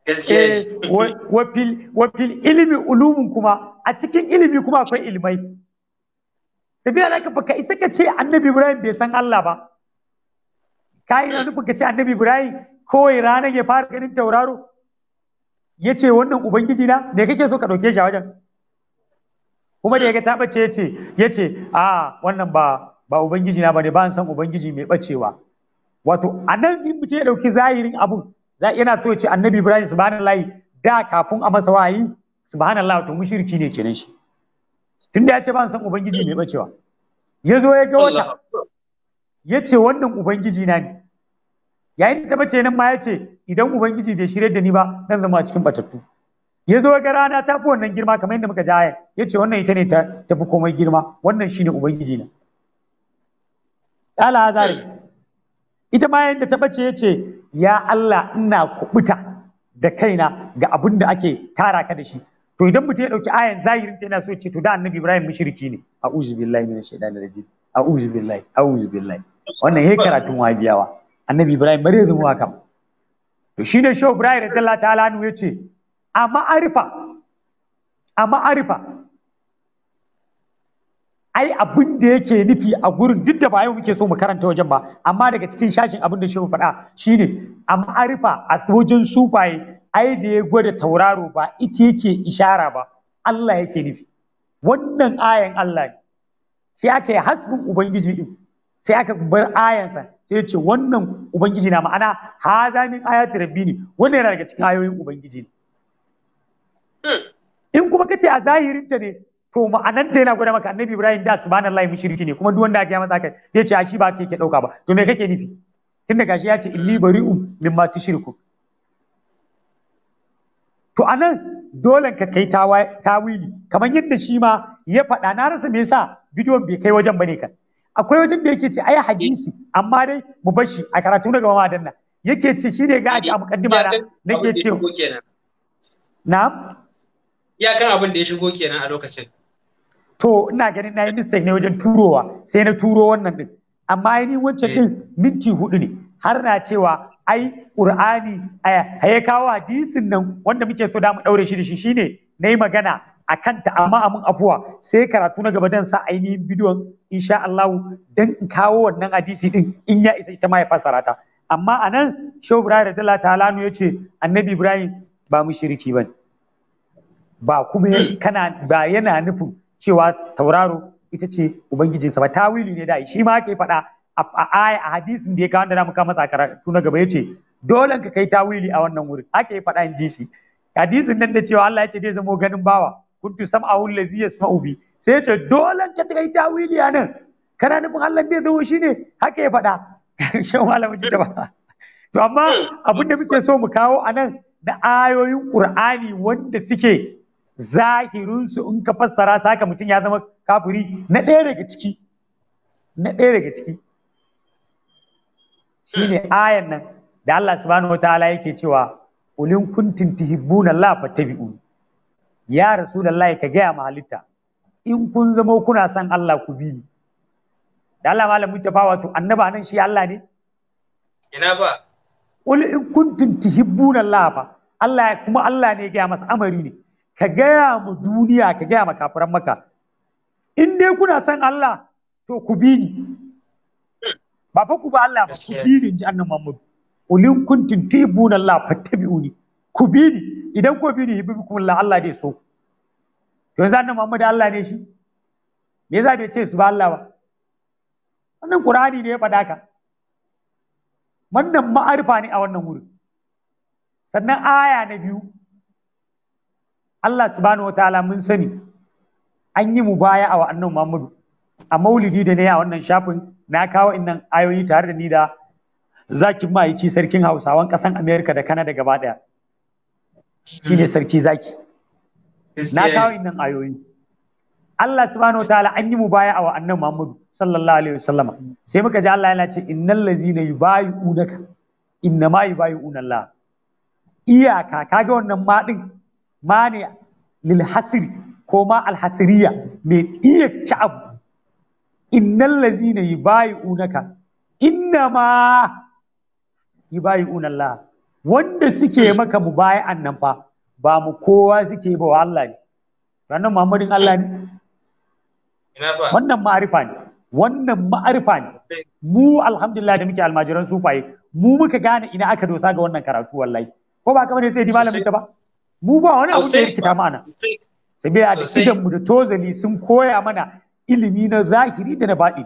B: eh, wa fil ilimi ulumun kuma a cikin ilimi kuma akwai ilmai tafiya da ka baka isa ka ce annabi ibrahim bai san allah ba ka yi na nufin ka ce annabi ibrahim kawai ranar ya fara ganin tauraro ya ce wannan ubangiji na me kake so ka ɗauke shi a wajen kuma da ya ga taɓace ya ce ya ce a wannan ba ba ubangiji na ba ne ba an san ubangiji mai ɓacewa. wato anan in mutum ya ɗauki zahirin abun yana so ya ce annabi ibrahim subhanallahi da kafin a masa wayi, subhanallah to mushriki ne kenan shi tunda ya ce ban san ubangiji mai bacewa ya zo ya ga wata ya ce wannan ubangiji na ne yayin da ta bace nan ma ya ce idan ubangiji bai shirye da ni ba zan zama cikin batattu ya zo ga rana ta fi wannan girma kamar yadda muka jaya ya ce wannan ita ne ta fi komai girma wannan shine ubangiji na ƙala hazari ita ma yadda ta bace ya ce ya Allah ina kubuta da kaina ga abin da ake tara ka da shi to idan mutum ya dauki ayan zahirin ta yana so ce to da annabi Ibrahim mushriki ne a'udhu billahi minash shaitani rajim a'udhu billahi a'udhu billahi wannan yayi karatun biyawa. annabi Ibrahim bare zuwa haka to shi ne Shehu Ibrahim radiyallahu ta'ala anhu yace a ma'arifa a ma'arifa ai abin da yake nufi a gurin duk da ba yau muke so mu karanta wajen ba amma daga cikin shashin abin da shehu faɗa shine a ma'arifa a wajen sufaye ai da ya gwada tauraro ba ita yake ishara ba Allah yake nufi wannan ayan Allah ne sai aka yi hasbin ubangiji din sai aka bar ayansa sai ya ce wannan ubangiji na ma'ana haza min ayati rabbi ne wannan yana daga cikin ayoyin ubangiji ne in kuma kace a zahirin ta ne to ma'anan ta yana gwada maka annabi ibrahim da subhanallahi mushriki ne kuma duk wanda aka yi masa kai zai ce a shi ba kake dauka ba to me kake nufi tunda gashi ya ce inni bari'u mimma tushriku to anan dole ka kai tawili kamar yadda shi ma ya faɗa na rasa me yasa bidiyon bai kai wajen bane kan akwai wajen da yake ce ai hadisi amma dai mu bar shi a karatu na gaba dan nan yake ce shine ga aji a mukaddima na nake ce na'am
A: ya kan abin da ya shigo kenan a lokacin
B: to ina ganin na yi mistake ne wajen turowa sai na turo wannan din amma ni wancan eh. din minti hudu ne har na cewa ai qur'ani ya kawo hadisin nan wanda muke so da mu daure shi da shi shine yi magana a kanta amma mun afuwa sai karatu na gaba dan sa ainihin bidiyon insha Allah dan in kawo wannan hadisi din in ya isa ita ma ya fasara ta amma anan Shehu Ibrahim radiyallahu ta'ala ya yace Annabi Ibrahim ba mushriki bane ba kuma kana ba yana nufin cewa tauraro ita ce ubangijinsa ba tawili ne da shi ma ke faɗa a aya a hadisin da ya kawo da na muka masa karatu na gaba yace dole ka kai tawili a wannan wurin haka ya faɗa in ji shi hadisin nan da cewa Allah ya ce zai zama ganin bawa kuntu sam'ahu allazi yasma'u bi sai ya ce dole ka kai tawili a nan kana nufin Allah zai shi ne? haka ya faɗa shan malamin ta ba to amma abin da muke so mu kawo a nan na ayoyin Qur'ani wanda suke zahirinsu in ka fassara saka mutum ya zama kafiri na ɗaya daga ciki na ɗaya daga ciki shine ayan nan da Allah subhanahu wataala yake cewa ulin kuntum tuhibbuna Allah fattabi'u ya rasulullahi ka gaya ma halitta in kun zama kuna son Allah ku bi ni da Allah malam Mustafa wato annaba nan shi Allah ne ina ba ul in kuntum tuhibbuna Allah fa Allah kuma Allah ne ya gaya masa amari ne ka gaya mu duniya ka gaya ma kafiran maka in dai kuna son Allah to ku bi ni ba fa ku ba Allah ba ku bi ni ji annabi Muhammad ulin kuntum tibuna Allah fattabi'uni ku bi ni idan ku bi ni yubikum Allah Allah dai so to yanzu annabi Muhammad Allah ne shi me za bai ce su ba Allah ba wannan Qur'ani ne ya fada ka wannan ma'arifa ne a wannan wurin sannan aya na biyu Allah subhanahu wa ta'ala mun sani an yi mu baya a annabi Muhammadu a maulidi da ne a wannan shafin na kawo innan ayoyi tare da ni da zakin ma'aiki sarkin hausawan ƙasan amerika da kanada gaba ɗaya ne sarki zaki na kawo innan ayoyi Allah subhanahu wataala an yi mu baya a wa'annan Muhammadu sallallahu alaihi wasallama sai muka ji Allah yana ce innal ladzina yubayyi'unaka inna ma yubayyi'una Allah iyaka kaga wannan ma din ma ne lil hasri ko ma al hasriya mai iya ci abu innal lazina yubayi'unaka innama yubayi'una Allah wanda suke maka mubayi'an nan fa ba mu kowa suke ba wa Allah ne wannan Muhammadin Allah ne wannan ma'arifa ne wannan ma'arifa ne mu alhamdulillah da muke almajiran sufaye mu muka gane ina aka dosa ga wannan karatu wallahi ko ba kamar sai di malamin ta ba mu ba wani abu da ya kita mana sai bai a da mu da tozali sun koya mana ilimi na zahiri da na baɗi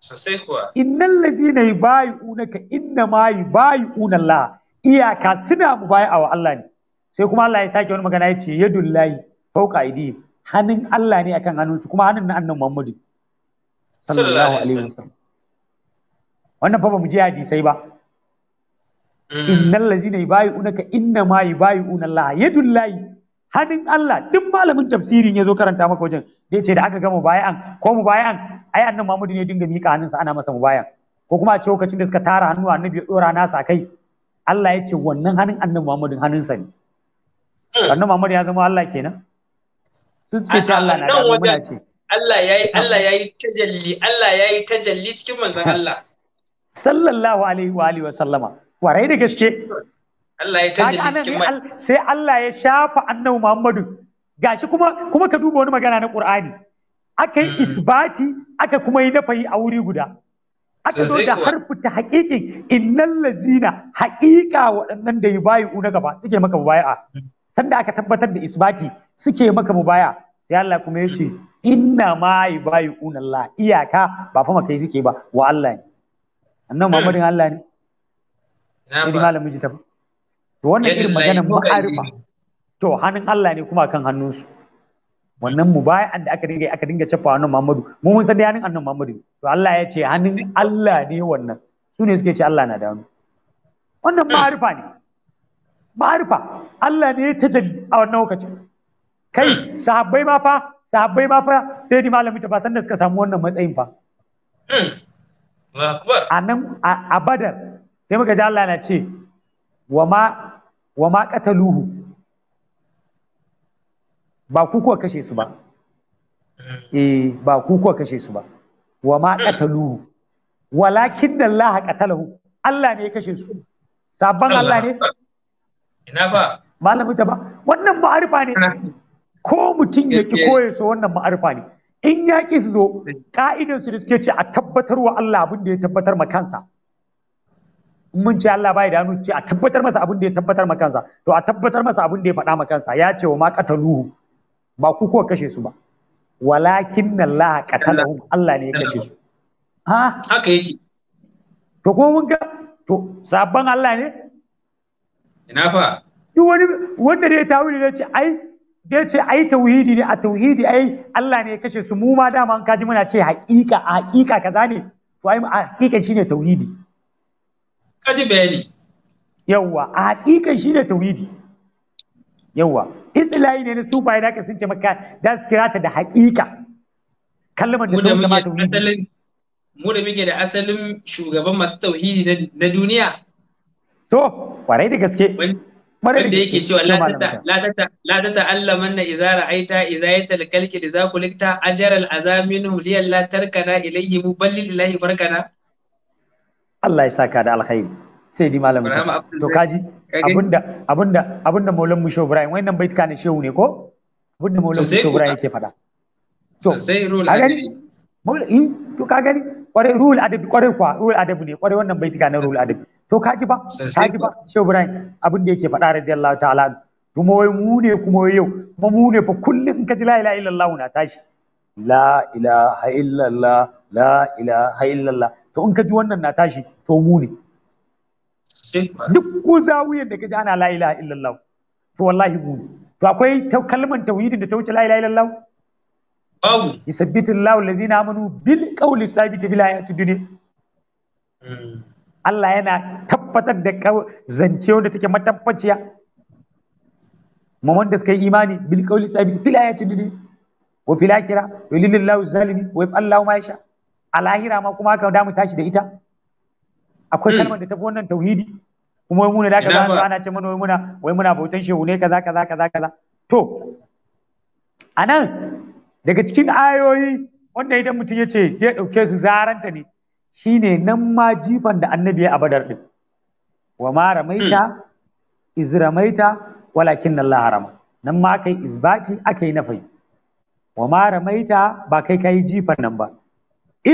A: sosai kuwa
B: yi bayi unaka inna ma bayi Allah iyaka suna a wa Allah ne sai kuma Allah ya sake wani magana ya ce yadullahi fauka idi hannun Allah ne akan su kuma hannun na annan Muhammadu
C: sallallahu alaihi wasallam
B: wannan fa ba mu je hadisai ba hmm. innal ladzina yubayi'unaka inna ma yubayi'una Allah yadullahi hannun Allah duk malamin tafsirin ya zo karanta maka wajen zai ce da aka ga mubaya'an ko mubaya'an ai annabi Muhammadu ne dinga mika hannunsa ana masa mubayan ko kuma a ce lokacin da suka tara hannu annabi ya dora nasa kai Allah ya ce wannan hannun annabi Muhammadu hannunsa ne hmm. annabi Muhammadu ya zama Allah kenan sun suke ce Allah na da muna
A: ce Allah yayi Allah yayi tajalli Allah yayi tajalli cikin manzon Allah
B: sallallahu alaihi wa alihi wa sallama warai da gaske
A: Allah ya tajalli cikin manzon
B: sai Allah ya shafa annabi Muhammadu gashi kuma kuma ka duba wani magana na Qur'ani aka yi hmm. isbati aka kuma yi nafayi a wuri guda aka zo da harfuta haƙiƙin innal lazina haƙiƙa waɗannan da yubayi'u na gaba suke maka mubaya'a sanda aka tabbatar da isbati suke maka mubaya sai Allah kuma ya ce inna ma yubayi'una Allah iyaka ba fa makai suke ba wa Allah ne Annan Muhammadin Allah ne na malamin ji ta to wannan irin magana ma'arifa to hannun Allah ne kuma kan hannunsu wannan mubayan da aka dinga aka dinga cefa wannan Muhammadu mu mun san da hannun annabi Muhammadu to Allah ya ce hannun Allah ne wannan su ne suke ce Allah na da wannan ma'arifa ne ma'arifa Allah ne ya tajalli a wannan lokacin kai sahabbai ma fa sahabbai ma fa sai di malami ta san da suka samu wannan matsayin fa a nan a badar sai muka ji Allah na ce wa ma wa ma qataluhu ba ku kuwa kashe su ba eh ba ku kuwa kashe su ba wa ma qataluhu walakin Allah qatalahu Allah ne ya kashe su sabban Allah ne ina ba malamin ta ba wannan ma'arifa ne ko mutum ya ki koye su wannan ma'arifa ne in ya ki su zo ka'idan su da suke ce a tabbatar wa Allah abin da ya tabbatar ma kansa mun ce Allah bai da hannu ce a tabbatar masa abin da ya tabbatar ma kansa to a tabbatar masa abin da ya faɗa ma kansa ya ce wa ma qataluhu ba ku ko kashe su ba walakin Allah qatalahum Allah ne ya kashe su ha haka yake to kuma mun ga to sabon Allah ne ina fa duk wani wanda dai tawili ne ce ai dai ce ai tauhidi ne a tauhidi ai Allah ne ya kashe su mu ma dama an kaji muna ce haƙiƙa a haƙiƙa kaza ne to ai a haƙiƙa shine tauhidi kaji bayani yawwa a haƙiƙa shine tauhidi yawwa islahi ne na sufaye da sun ce maka da su kira ta da haƙiƙa
A: kalmar da ta wuce mata mu da muke da asalin shugaban masu tauhidi na duniya to kwarai da gaske wanda yake cewa la ta allaman na izara aita izayata kalki da zakulikta ajaral azaminu liyan la tarkana ilayhi mu ballil ilahi farkana."
B: Allah ya saka da alkhairi sai di malamin to kaji abinda abinda abinda maulan mu shehu ibrahim bai baitka ne shehu ne ko abinda maulan mu ibrahim yake faɗa to sai rule adabi maulan eh, to ka gani kware rule adabi kware kwa rule adabi ne kware wannan bai tukane rule adabi to ka ji ba ka ji ba shehu ibrahim abinda yake faɗa radiyallahu ta'ala kuma wai mu ne kuma wai yau kuma mu ne fa kullum ka ji la ilaha illallah na tashi la ilaha illallah la ilaha illallah to in ka ji wannan na tashi to mu ne duk ku zawiyar da kaji ana la ilaha illallah to wallahi mu to akwai kalmar tauhidin da ta wuce la ilaha illallah babu yusabbitu Allahu allazina amanu bil qawli sabit bil ayati dunya hmm. Allah yana tabbatar da zance wanda take matabbaciya mamman da suka yi imani bil qawli sabit bil ayati dunya wa fil akhirah wa lillahi zalimi wa yaf'alu ma yasha a lahira ma kuma haka da mu tashi da ita akwai hmm. kalmar da ta fi wannan tauhidi kuma wai muna da kaza ana ce mana wai muna wai muna bautan shehu ne kaza kaza kaza kaza to anan daga cikin ayoyi wanda idan mutum ya ce ya ɗauke su zaranta ne shine nan ma jifan da annabi ya abadar din wa ma ramaita hmm. iz ramaita walakin Allah harama nan ma kai izbati akai nafai wa ma ramaita ba kai kai jifan nan ba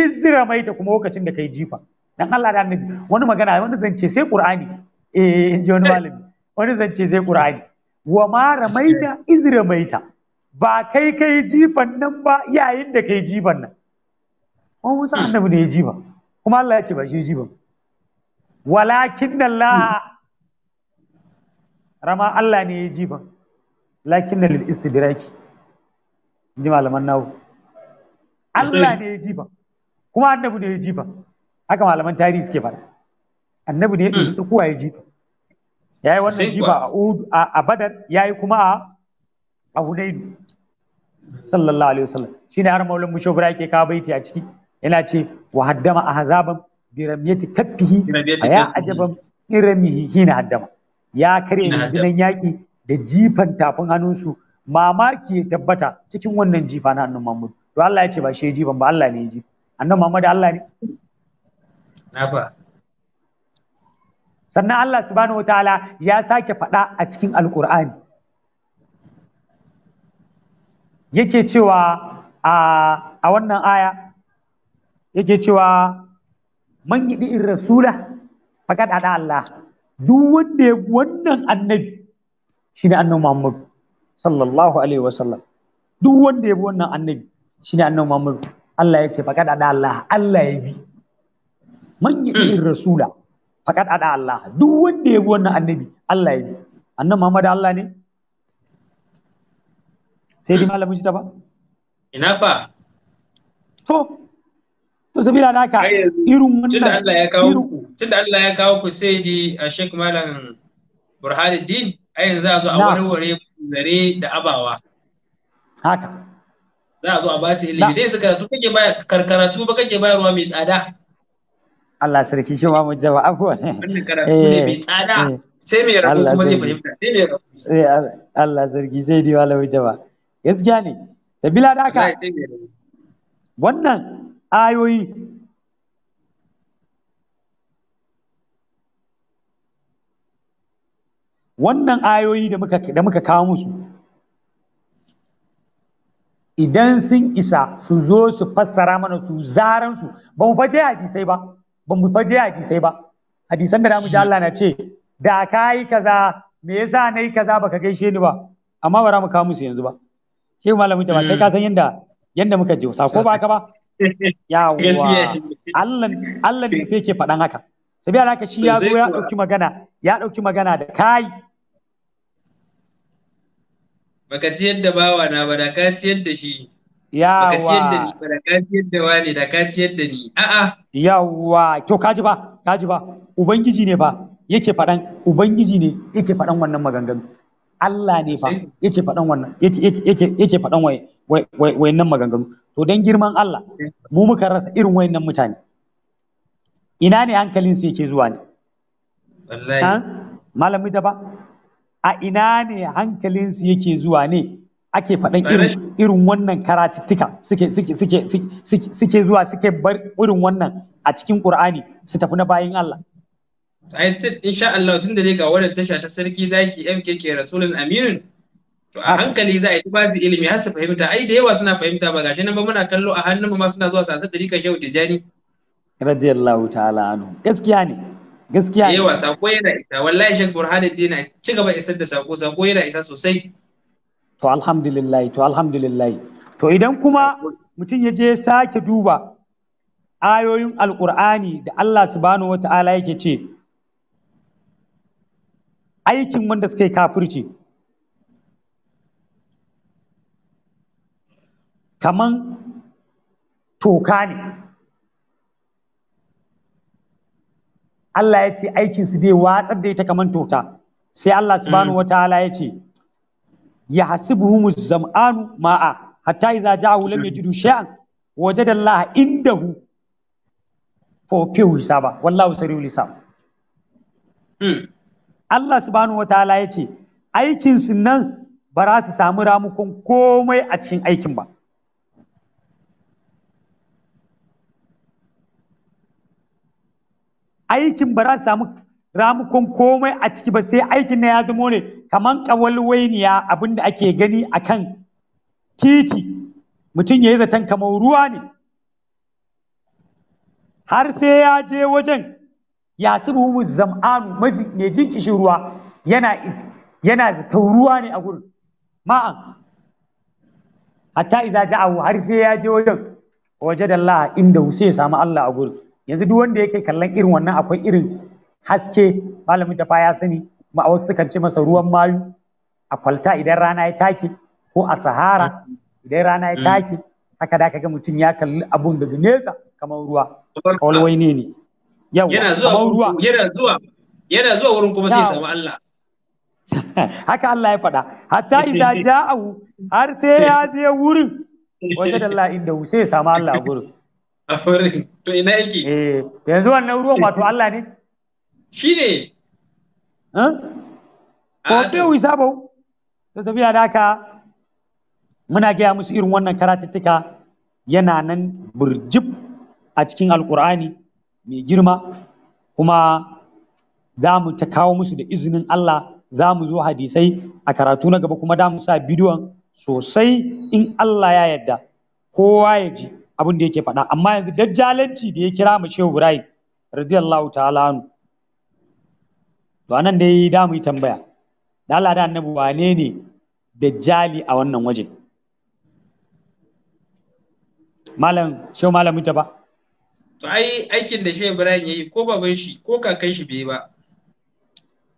B: iz ramaita kuma lokacin da kai jifan dan Allah da annabi wani magana wani zance sai qur'ani eh inji wani malami wani zance sai qur'ani wa ma ramaita iz ramaita ba kai kai jifan nan ba yayin da kai jifan nan wani musa annabi ne ya jifa kuma Allah ya ce ba shi ya jifa walakin Allah rama Allah ne ya jifa lakin da lil istidraki inji malaman nawo Allah ne ya jifa kuma annabi ne ya jifa haka malaman tarihi suke fara. annabi ne ya ɗauki hmm. kuwa ya jifa ya yi wannan jifa a badar ya yi kuma a a hunainu sallallahu alaihi wasallam shine har maulan mushawara yake ka baiti a ciki yana ce wa haddama ahzaban bi ramiyati kaffihi ya ajaban iramihi hina haddama ya kare rundunan yaki da jifan tafin hannunsu mamaki ya tabbata cikin wannan jifa na annabi Muhammad to Allah ya ce ba shi ya jifan ba Allah ne ya ji. annan Muhammad Allah ne Naba. Sannan Allah subhanahu wa ta'ala ya sake faɗa a cikin Alƙur'ani. Yake cewa a wannan aya, yake cewa man yi in rasula faƙad Allah. Duk wanda ya wannan annabi shi ne annabi Muhammadu sallallahu alaihi wasallam. Duk wanda ya bi wannan annabi shi ne annabi Muhammadu. Allah ya ce faƙad haɗa Allah, Allah ya bi. man irin hmm. rasula faqad ada Allah duk wanda ya bi wannan annabi Allah ya bi annabi Muhammad Allah ne sai dai malamin shi ta ba
A: ina ba?
B: to to sabila naka irin wannan tunda Allah ya
A: kawo ku tunda Allah ya kawo ku sai di Sheikh Malam Burhanuddin a yanzu za su a warware zare da abawa haka za a zo a ba su ilimi dai suka karatu ba karkaratu ba kake bayarwa mai tsada
B: Allah sarki shi ma mu jaba abuwa ne
A: eh, eh.
B: sai mai rabu eh, Allah sarki zai dai wala mu jaba gaskiya ne sabila da haka wannan ayoyi wannan ayoyi da muka kawo musu idan sun isa su zo su fassara mana su zaran su ba mu faje hadisai ba ba mu faje hadisai ba hadisan da namu Allah na ce da ka yi kaza me yasa na yi kaza baka gaishe ni ba amma ba mu kawo musu yanzu ba ke malamin jama'a kai ka san yanda yanda muka ji Sako ba ka ba yawa Allah Allah ne yake faɗan haka sabi alaka shi ya zo ya ɗauki magana ya dauki magana da kai
A: baka ci yadda bawa na ba da ka ci yadda shi yawa ka ciyar da ba wani da ka ciyar da ni a'a yawa to kaji ba
B: kaji ba ubangiji ne ba yake faɗan ubangiji ne yake faɗan wannan maganganu Allah ne fa yake faɗan wannan yake faɗan wayannan maganganu to don girman Allah mu muka rasa irin wayannan mutane ina ne hankalin su yake zuwa ne wallahi malami da ba a ina ne hankalin su yake zuwa ne ake faɗan irin wannan karatuttuka suke suke suke suke zuwa suke bar irin wannan a cikin Qur'ani su tafi na bayin
A: Allah insha Allah tun da dai ga wannan tasha ta sarki zaki MKK Rasulun Aminun to a hankali za a yi ba ilimi har su fahimta ai da yawa suna fahimta ba gashi nan ba muna kallo a hannun mu ma suna zuwa sa sadari ka shehu tijani
B: radiyallahu ta'ala anhu gaskiya ne gaskiya ne yawa sako
A: yana isa wallahi shek burhanuddin na ci gaba isar da sako sako yana isa sosai
B: to alhamdulillahi to alhamdulillahi to idan kuma mutum ya je sake duba ayoyin alkur'ani da Allah subhanahu wa ta'ala yake ce aikin wanda suka yi kafirci kaman toka ne Allah ya ce aikinsu dai watsar da ita kaman tota sai Allah subhanahu wa ta'ala ya ce Ya yahsibuhum az-zam'anu ma'a hatta idza ja'ahu lam yajidu shay'an wajada Allah indahu for fiyu hisaba wallahu sariul hisab hmm. Allah subhanahu wataala yace aikin su nan ba za su samu ramukon komai a cikin aikin ba aikin ba za su samu ramukun komai a ciki ba sai aikin na ya zamo ne kaman ƙawalwainiya abin da ake gani a kan titi mutum ya yi zaton kamar ruwa ne har sai ya je wajen ya subu zam'anu mai jin kishin ruwa yana yana zaton ruwa ne a gurin ma'an hatta iza ja'ahu har sai ya je wajen waje da inda sai ya samu Allah a gurin yanzu duk wanda yake kallon irin wannan akwai irin haske malamin tafa ya sani kuma a wasu sukan ce masa ruwan mayu a kwalta idan rana ya take ko a sahara idan rana ya mm. take haka da ga mutum ya kalli abun daga nesa kamar ruwa wai ne ne yau kamar ruwa yana
A: zuwa yana zuwa wurin kuma sai samu Allah
B: haka Allah ya faɗa hatta idan ja'ahu har sai ya je wurin
A: waje da Allah inda
B: sai ya samu Allah a wurin to ina yake eh yanzu wannan ruwan wato Allah ne shine eh? ko tewi sabo ta tafiya da haka muna gaya musu irin wannan karatuttuka yana nan burjib a cikin alkur'ani mai girma kuma za mu ta kawo musu da izinin Allah za mu zo hadisai a karatu na gaba kuma da mu sa bidiyon sosai in Allah ya yarda kowa ya ji abin da yake faɗa amma yanzu dajjalanci da ya kira mu Shehu Ibrahim radiyallahu ta'ala anhu to anan dai da mu yi tambaya da Allah da annabi wane ne dajjali a wannan waje malam shi malam ita ba
A: to ai aikin da shehu ibrahim yayi ko baban shi ko kakan shi bai ba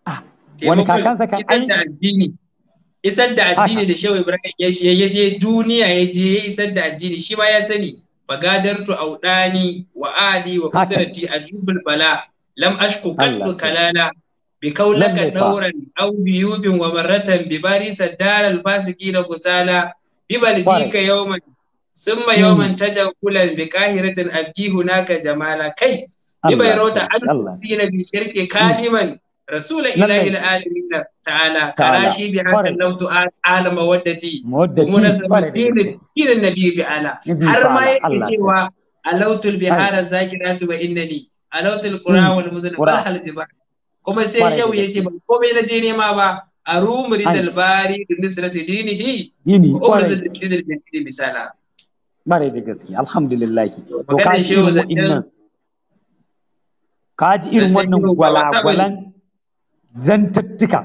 A: ah, wani kakansa kan ai addini isar da ah, addini ah. da shehu ibrahim ya je duniya ya je ya isar da addini shi ba ya sani fagadartu audani wa ali wa Kusurati ajubul bala lam ashku kallu kalala بكون لك نورا أو بيوب ومرة بباريس الدار الفاسقين فسالا ببلديك يوما ثم يوما كلا بقاهرة أبكي هناك جمالا كي ببيروت أن تسير بشرك كادما رسول إله العالمين تعالى كراشي بهذا اللوت عالم مودتي مودتي دين النبي فعلا هرما يكتوى ألوت البحار الزاكرات وإنني ألوت القرى والمدن والحل الجبال kuma sai shehu ya ce ba komai na je nema ba a rumuri dalbari da nisrati dinihi dini kwarai da dini misala
B: mare da gaske alhamdulillah to ka ji irin wannan ka ji irin wannan gwalagwalan zantattuka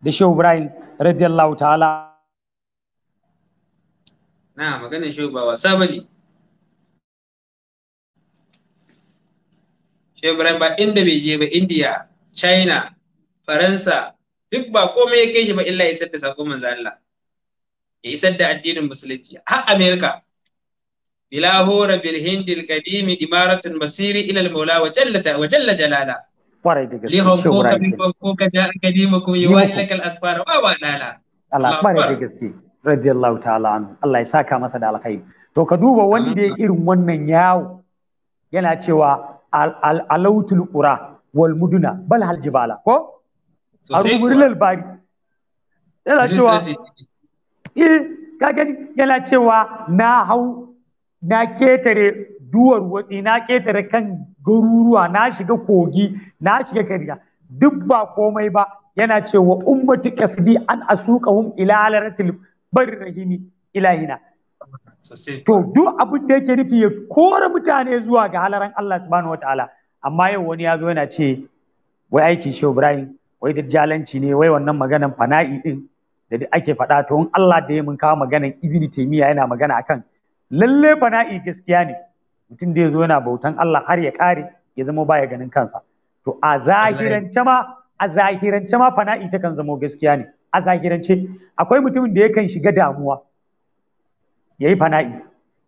B: da shehu ibrahim radiyallahu ta'ala
A: na maganin shehu ba wasa bane shehu ibrahim ba inda bai je ba indiya China, Faransa, duk ba komai ya kai shi ba illa isar da sakon manzo Allah. Ya isar da addinin musulunci har Amerika. Bila bil hindil kadimi imaratun masiri ilal maula wa jalla wa jalla jalala. Kwarai da gaske. Lihon ko ka ko ka ja kadimu ko yi wa ilakal asfara wa wa lala. Allah kwarai
B: da gaske. Radiyallahu ta'ala anhu. Allah ya saka masa da alkhairi. To ka duba wanda irin wannan yawo yana cewa alautul qura wal muduna bal hal jibala ko a rubutun bari yana cewa eh, ka gani yana cewa na hau na ketare duwar watsi na ketare kan garuruwa na shiga kogi na shiga kariya duk ba komai ba yana cewa ummatu kasdi an asuqahum ila alaratil ila hina. to duk abin da yake nufi ya kora mutane zuwa ga halaran Allah subhanahu wataala amma yau wani ya zo yana ce wai aikin shi ibrahim wai jalanci ne wai wannan maganan fana'i din da ake faɗa to in Allah da ya mun kawo maganan Ibn Taymiyyah yana magana akan lalle fana'i gaskiya ne mutum da ya zo yana bautan Allah har ya kare ya zama baya ganin kansa to a zahirance ma a zahirance ma fana'i ta kan zamo gaskiya ne a zahirance akwai mutumin da yakan shiga damuwa ya yi fana'i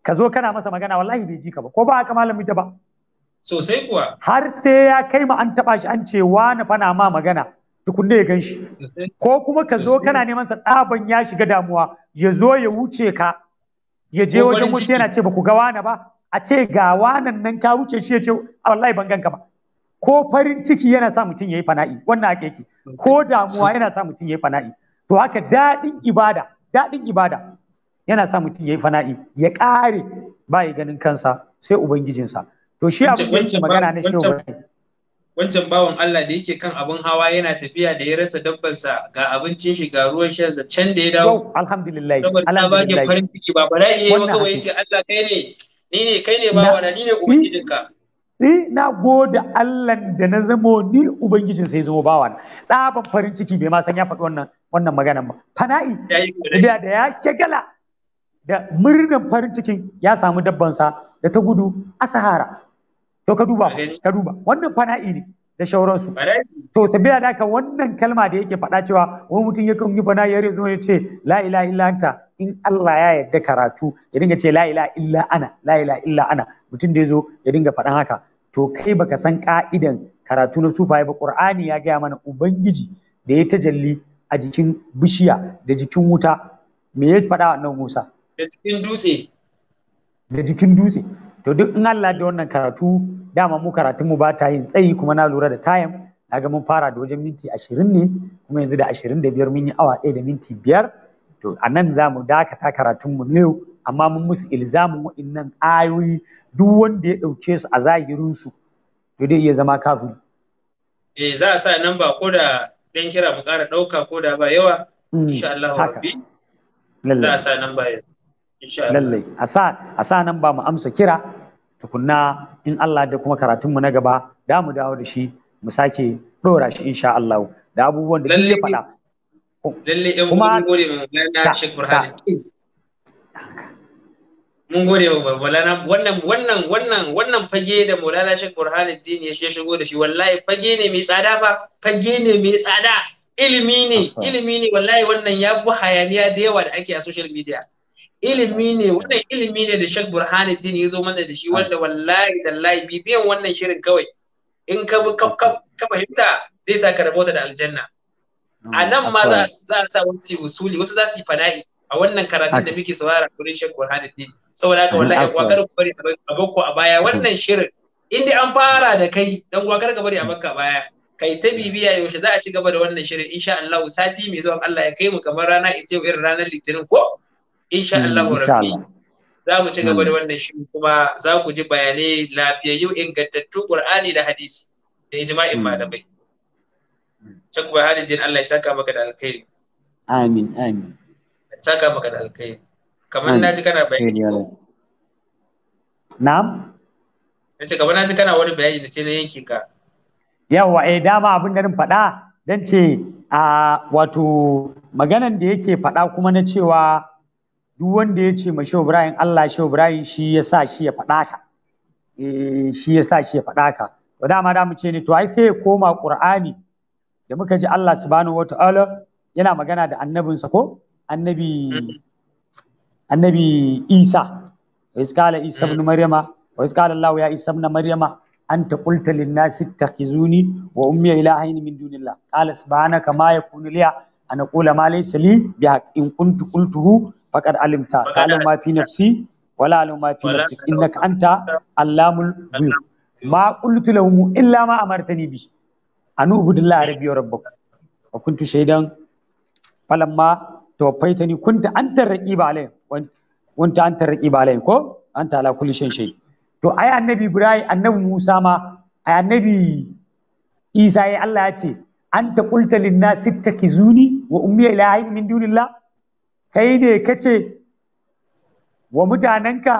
B: ka zo kana masa magana wallahi bai ji ka ba ko ba haka malami ta ba
A: sosai kuwa
B: har sai ya kai ma an taba shi an ce wani fana ma magana tukunne ya gan shi ko kuma ka zo kana neman sa tsaban ya shiga damuwa ya zo ya wuce ka ya je wajen wuce yana ce ba ku ga wani ba a ce ga wanan nan ka wuce shi ya ce wallahi ban ganka ba ko farin ciki yana sa mutum ya fana'i wannan ake yake ko damuwa yana sa mutum ya yi fana'i to haka daɗin ibada daɗin ibada yana sa mutum yayi fana'i ya ƙare ba ganin kansa sai ubangijinsa to shi abin da yake magana na shehu
A: wancan bawan Allah da yake kan abin hawa yana tafiya da ya rasa dabbarsa ga abincin shi ga ruwan shansa can da ya dawo alhamdulillah alhamdulillah farin ciki ba Ba dai yayi maka wai ce Allah kai ne ni ne kai ne bawa na ni ne ubangijinka
B: ni na gode Allah da na zamo ni ubangijin sai zama bawan. tsaban farin ciki bai ma san ya faɗi wannan wannan magana ba fana'i da ya shagala da murnar farin cikin ya samu sa da ta gudu a sahara to ka duba ka duba wannan fana'i ne da shauransu to sabila da ka wannan kalma da yake faɗa cewa wani mutum yakan yi fana'i ya zo ya ce la ilaha illa anta in Allah ya yarda karatu ya dinga ce la ilaha illa ana la ilaha illa ana mutum da ya zo ya dinga faɗan haka to kai baka san ka'idan karatu na sufaye ba qur'ani ya gaya mana ubangiji da ya tajalli a jikin bishiya da jikin wuta me ya faɗa wannan Musa
A: da cikin dutse
B: da jikin dutse to duk in Allah da wannan karatu dama mu karatun mu ba ta yin tsayi kuma na lura da time naga mun fara da wajen minti ashirin ne kuma yanzu da ashirin da biyar mun yi awa ɗaya da minti biyar to a nan za mu dakata karatun mu ne amma mun musu ilzamin wa'innan ayoyi duk wanda ya ɗauke su a zahirin su to dai iya zama kafin.
A: eh za a sa nan ba ko da dan kira mu ƙara ɗauka ko da ba yawa mm, insha Allah rabbi za a sa nan ba yau
B: lallai a sa nan ba mu amsa kira tukunna in Allah da kuma karatunmu na gaba da mu dawo da shi mu sake dora shi insha Allah da abubuwan da ya faɗa
A: lalle ɗan kuma gode ma Maulana Sheikh Burhanuddin mun gode ma Maulana wannan wannan wannan wannan fage da Maulana Sheikh Burhanuddin ya shigo da shi wallahi fage ne mai tsada ba fage ne mai tsada ilimi ne ilimi ne wallahi wannan ya bu hayaniya da yawa da ake a social media ilimi ne wannan ilimi ne da Sheikh Burhanuddin ya zo mana da shi wanda wallahi tallahi bibiyan wannan shirin kawai in ka ka fahimta zai sa ka rabota da aljanna
C: a nan ma za
A: a sa wasu usuli wasu za su yi fana'i a wannan karatun da muke saurara gurin Sheikh Burhanuddin saboda haka wallahi wa kar ku bari a bakko a baya wannan shirin in dai an fara da kai dan wa kar ka bari a bakka baya kai ta bibiya yaushe za a ci gaba da wannan shirin insha Allah sati mai zuwa Allah ya kai mu kamar rana ita irin ranar litinin ko insha hmm, Allah rabbi za mu ci gaba da hmm. wannan shi kuma za ku ji bayanai lafiyayyu ingantattu Qur'ani da hadisi da ijma'in hmm. malamai Cak ba halin Allah ya saka maka da alkhairi
B: amin amin
A: saka maka da alkhairi kamar na ji kana bayani na'am nace kamar na ji kana wani bayani da na yanke ka
B: yawa eh dama abin da rin faɗa dan ce a ah, wato maganan da yake faɗa kuma na cewa duk wanda ya ce ma Shehu Ibrahim Allah Shehu Ibrahim shi ya sa shi ya faɗa ka eh, shi ya sa shi ya faɗa ka to dama da mu ce ne to ai sai ya koma ƙur'ani. da muka ji Allah subhanahu wataala yana magana da annabinsa ko annabi annabi Isa wa iskala Isa ibn Maryama wa iskala Allah ya Isa ibn Maryama أنت lin nasi takhizuni wa ummi من min dunillah. Qala subhanaka ma yakunu liya أن أقول ma laysa li bihaq in kuntu qultuhu faqad alimta ta ma fi nafsi wala alamu ma fi nafsi innaka anta allamul ghuyub ma qultu lahum illa ma amartani bi an ubudillahi rabbi wa rabbakum wa kuntu shaidan falamma tawaffaitani kunta anta raqiba alayhim wanta anta raqiba alayhim ko anta ala kulli shay'in shay to ai annabi ibrahim annabi musa ma ai annabi isa ya Allah ya ce anta qulta lin nas ittakizuni wa ummi ilahin min dunillah kai ne kace wa mutanenka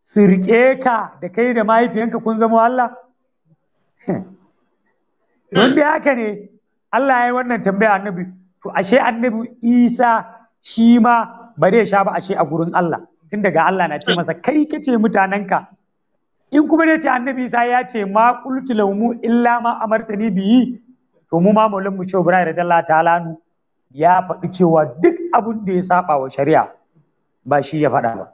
B: su riƙe ka da kai da mahaifiyanka kun zama Allah don da haka ne Allah ya yi wannan tambaya annabi to ashe annabi Isa shi ma ba zai sha ba ashe a gurin Allah tun daga Allah na ce masa kai kace mutanenka in kuma ne ce annabi Isa ya ce ma qultu lahum illa ma amartani bihi to mu ma maulan mu da radallahu ta'ala lanu. ya faɗi cewa duk abin da ya saba wa shari'a ba shi ya faɗa ba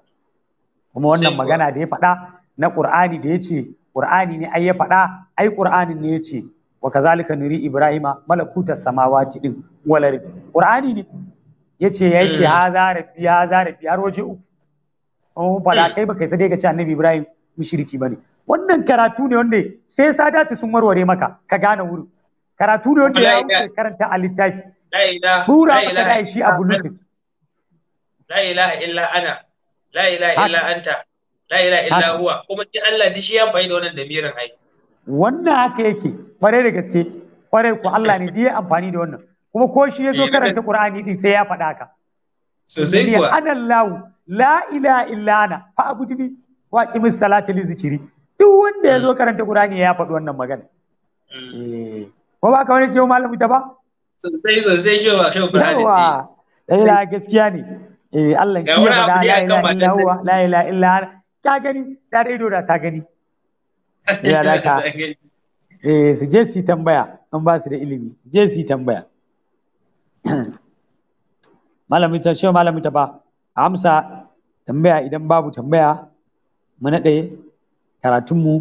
B: kuma wannan magana da ya faɗa na ƙur'ani da ya ce ƙur'ani ne ai ya faɗa ai ƙur'ani ne ya ce wa kazalika nuri ibrahima malakutas samawati din walar ƙur'ani ne ya ce ya ce eh. ha za rabbi ha za rabbi har waje uku kuma mun faɗa eh. kai baka sai dai ka ce annabi ibrahim mushriki ne. wannan karatu ne wanda sai sadaci sun warware maka ka gane wurin karatu ne wanda ya eh. karanta a littafi
A: Hura maka da shi a Bluetooth. La ilaha illa ana, la ilaha illa anta, la ilaha illa huwa. Kuma ni Allah dishi ya amfani da wannan da mirin ai.
B: Wannan haka yake, kware da gaske, kware ku Allah ne ya amfani da wannan. Kuma ko shi ya zo eh, karanta Qur'ani din sai ya faɗa ka. Sosai kuwa. Ana lawu, la ilaha illa ana, fa abudini wa qimis salati li zikiri. Duk wanda ya zo hmm. karanta Qur'ani ya faɗi wannan magana. Hmm. Eh. Ko ba ka wani shi malamu ta ba?
A: sosai sosai shi ba shi yawa
B: eh, la gaskiya ne eh Allah shi ya bada la ilaha illa huwa la ilaha illa ka gani da ido da ta gani ya da ka eh su je su tambaya an ba su da ilimi su je su tambaya malami ta shi malami ta ba amsa tambaya idan babu tambaya mu naɗe karatunmu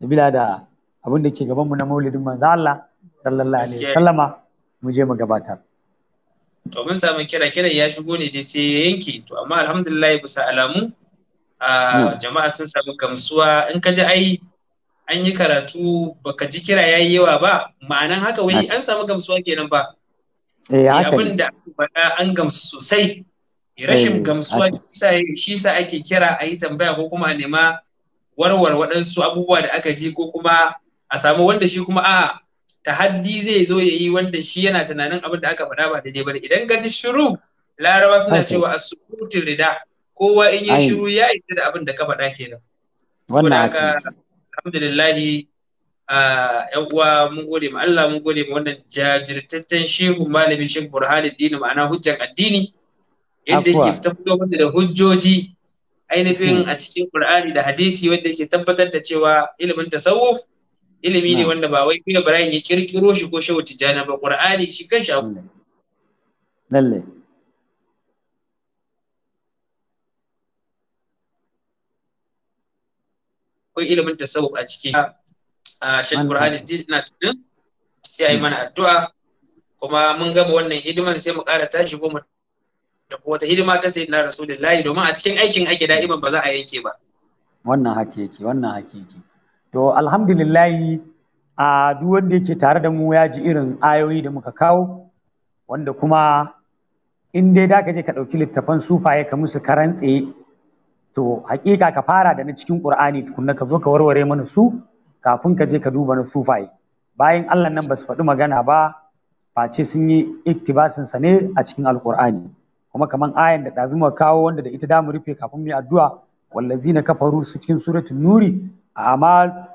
B: da bila da abin da ke gabanmu na maulidin manzo Allah sallallahu alaihi wasallama mu je mu gabatar
A: to mun samu kira kiran ya shigo ne dai sai ya yanke to amma alhamdulillah bisa alamu a hmm. jama'a sun samu gamsuwa in ka ji ai an yi karatu baka ji kira yayi yawa ba ma'anan haka wai an samu gamsuwa kenan ba
C: eh haka abin da
A: faɗa an gamsu sosai rashin eh, gamsuwa shi sa ake kira a yi tambaya ko kuma a nema warware waɗansu abubuwa da aka ji ko kuma a samu wanda shi kuma a tahaddi zai zo ya yi wanda shi yana tunanin abin da aka faɗa ba daidai ba idan ka ji shiru laraba suna cewa a sukutin rida kowa in yi shiru ya yi da abin da ka faɗa kenan
B: wannan haka
A: alhamdulillahi yan uwa mun gode ma Allah mun gode ma wannan jajirtaccen shehu malamin shehu dini ma'ana hujjan addini yadda yake fito wanda da hujjoji ainihin hmm. a cikin Qur'ani da hadisi wanda ke tabbatar da cewa ilimin tasawuf ilimi ne wanda ba wai Shehu Ibrahim ya kirkiro shi ko shawo Tijjani ba Qur'ani shi kanshi abu lalle akwai ilimin tasawuf a cikin a shan Qur'ani na tunan sai ayi mana addu'a kuma mun gama wannan hidiman sai mu ƙara tashi ko mu da wata hidima ta sayyidina rasulullahi domin a cikin aikin ake da'iman ba za a yanke ba
B: wannan hakiki wannan hakiki to alhamdulillahi a duk wanda yake tare da mu ya ji irin ayoyi da muka kawo wanda kuma in dai da ka je ka ɗauki littafan sufaye ka musu ka rantse, to hakika ka fara da na cikin ƙur'ani tukunna ka zo ka warware mana su kafin ka je ka duba na sufaye bayan allah nan ba su faɗi magana ba face sun yi iktibasin sa ne a cikin alƙur'ani. kuma kaman ayan da ɗazuma kawo wanda da ita za mu rufe kafin mu yi addu'a na kafaru su cikin suratul nuri amal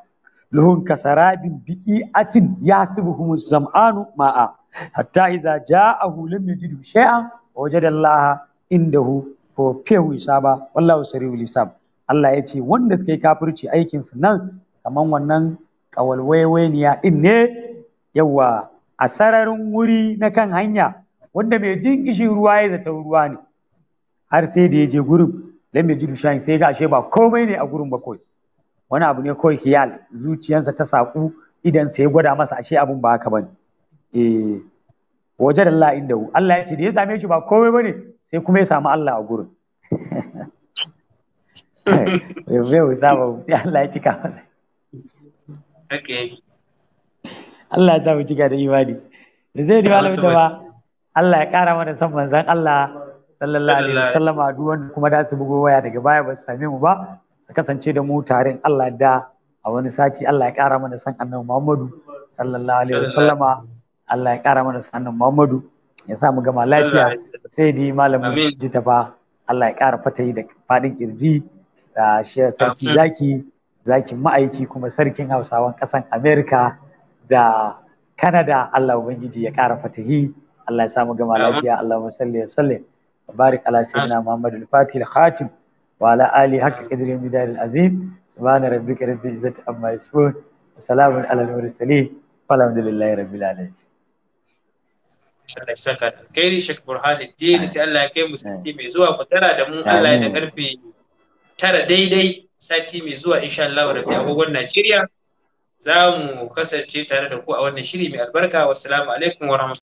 B: luhun kasarabin biki atin ya sibuhum zam'anu ma'a hatta ja'a ja'ahu lam yajidhu shay'an wajada Allah indahu fa fehu isaba wallahu sariul isab Allah ya ce wanda suka yi kafirci aikin su nan kaman wannan kawalwaiwaniya din ne yawa a sararin wuri na kan hanya wanda mai jin kishin ruwa ya zata ruwa ne har sai da ya je gurin lam yajidhu shay'an sai ga ashe ba komai ne a gurin ba kawai wani abu ne kawai hiyal zuciyarsa ta saku idan sai gwada masa ashe abun ba haka bane eh wajen Allah inda Allah ya ce da ya same shi ba komai bane sai kuma ya samu Allah a gurin eh, yau saba sai Allah ya cika masa Allah ya samu cika da imani da zai diwa da ba Allah ya kara mana san manzan Allah sallallahu alaihi wasallam a kuma da su bugo waya daga baya ba su same mu ba A kasance da mu tarin Allah da a wani sati Allah ya kara mana san annabi Muhammadu sallallahu alaihi wasallama Allah ya ƙara mana san annabi Muhammadu ya sa mu gama lafiya sai di malamin ji ta fa Allah ya ƙara fatayi da fadin kirji da shi sarki zaki zakin ma'aiki kuma sarkin Hausawan kasan Amerika da Canada Allah ubangiji ya ƙara fatahi Allah ya sa mu gama lafiya Allah salli wa sallim barik ala sayyidina muhammadin al-Fatih khatim وعلى آله حق قدر المدار العظيم سبحان ربك رب العزة عما يصفون وسلام على المرسلين والحمد لله رب العالمين
A: Allah ya saka da kairi Sheikh Burhanuddin sai Allah ya kai mu sati mai zuwa ku tara da mu Allah ya da karfe tara daidai sati mai zuwa insha Allah da agogon Najeriya za mu kasance tare da ku a wannan shiri mai albarka wassalamu alaikum wa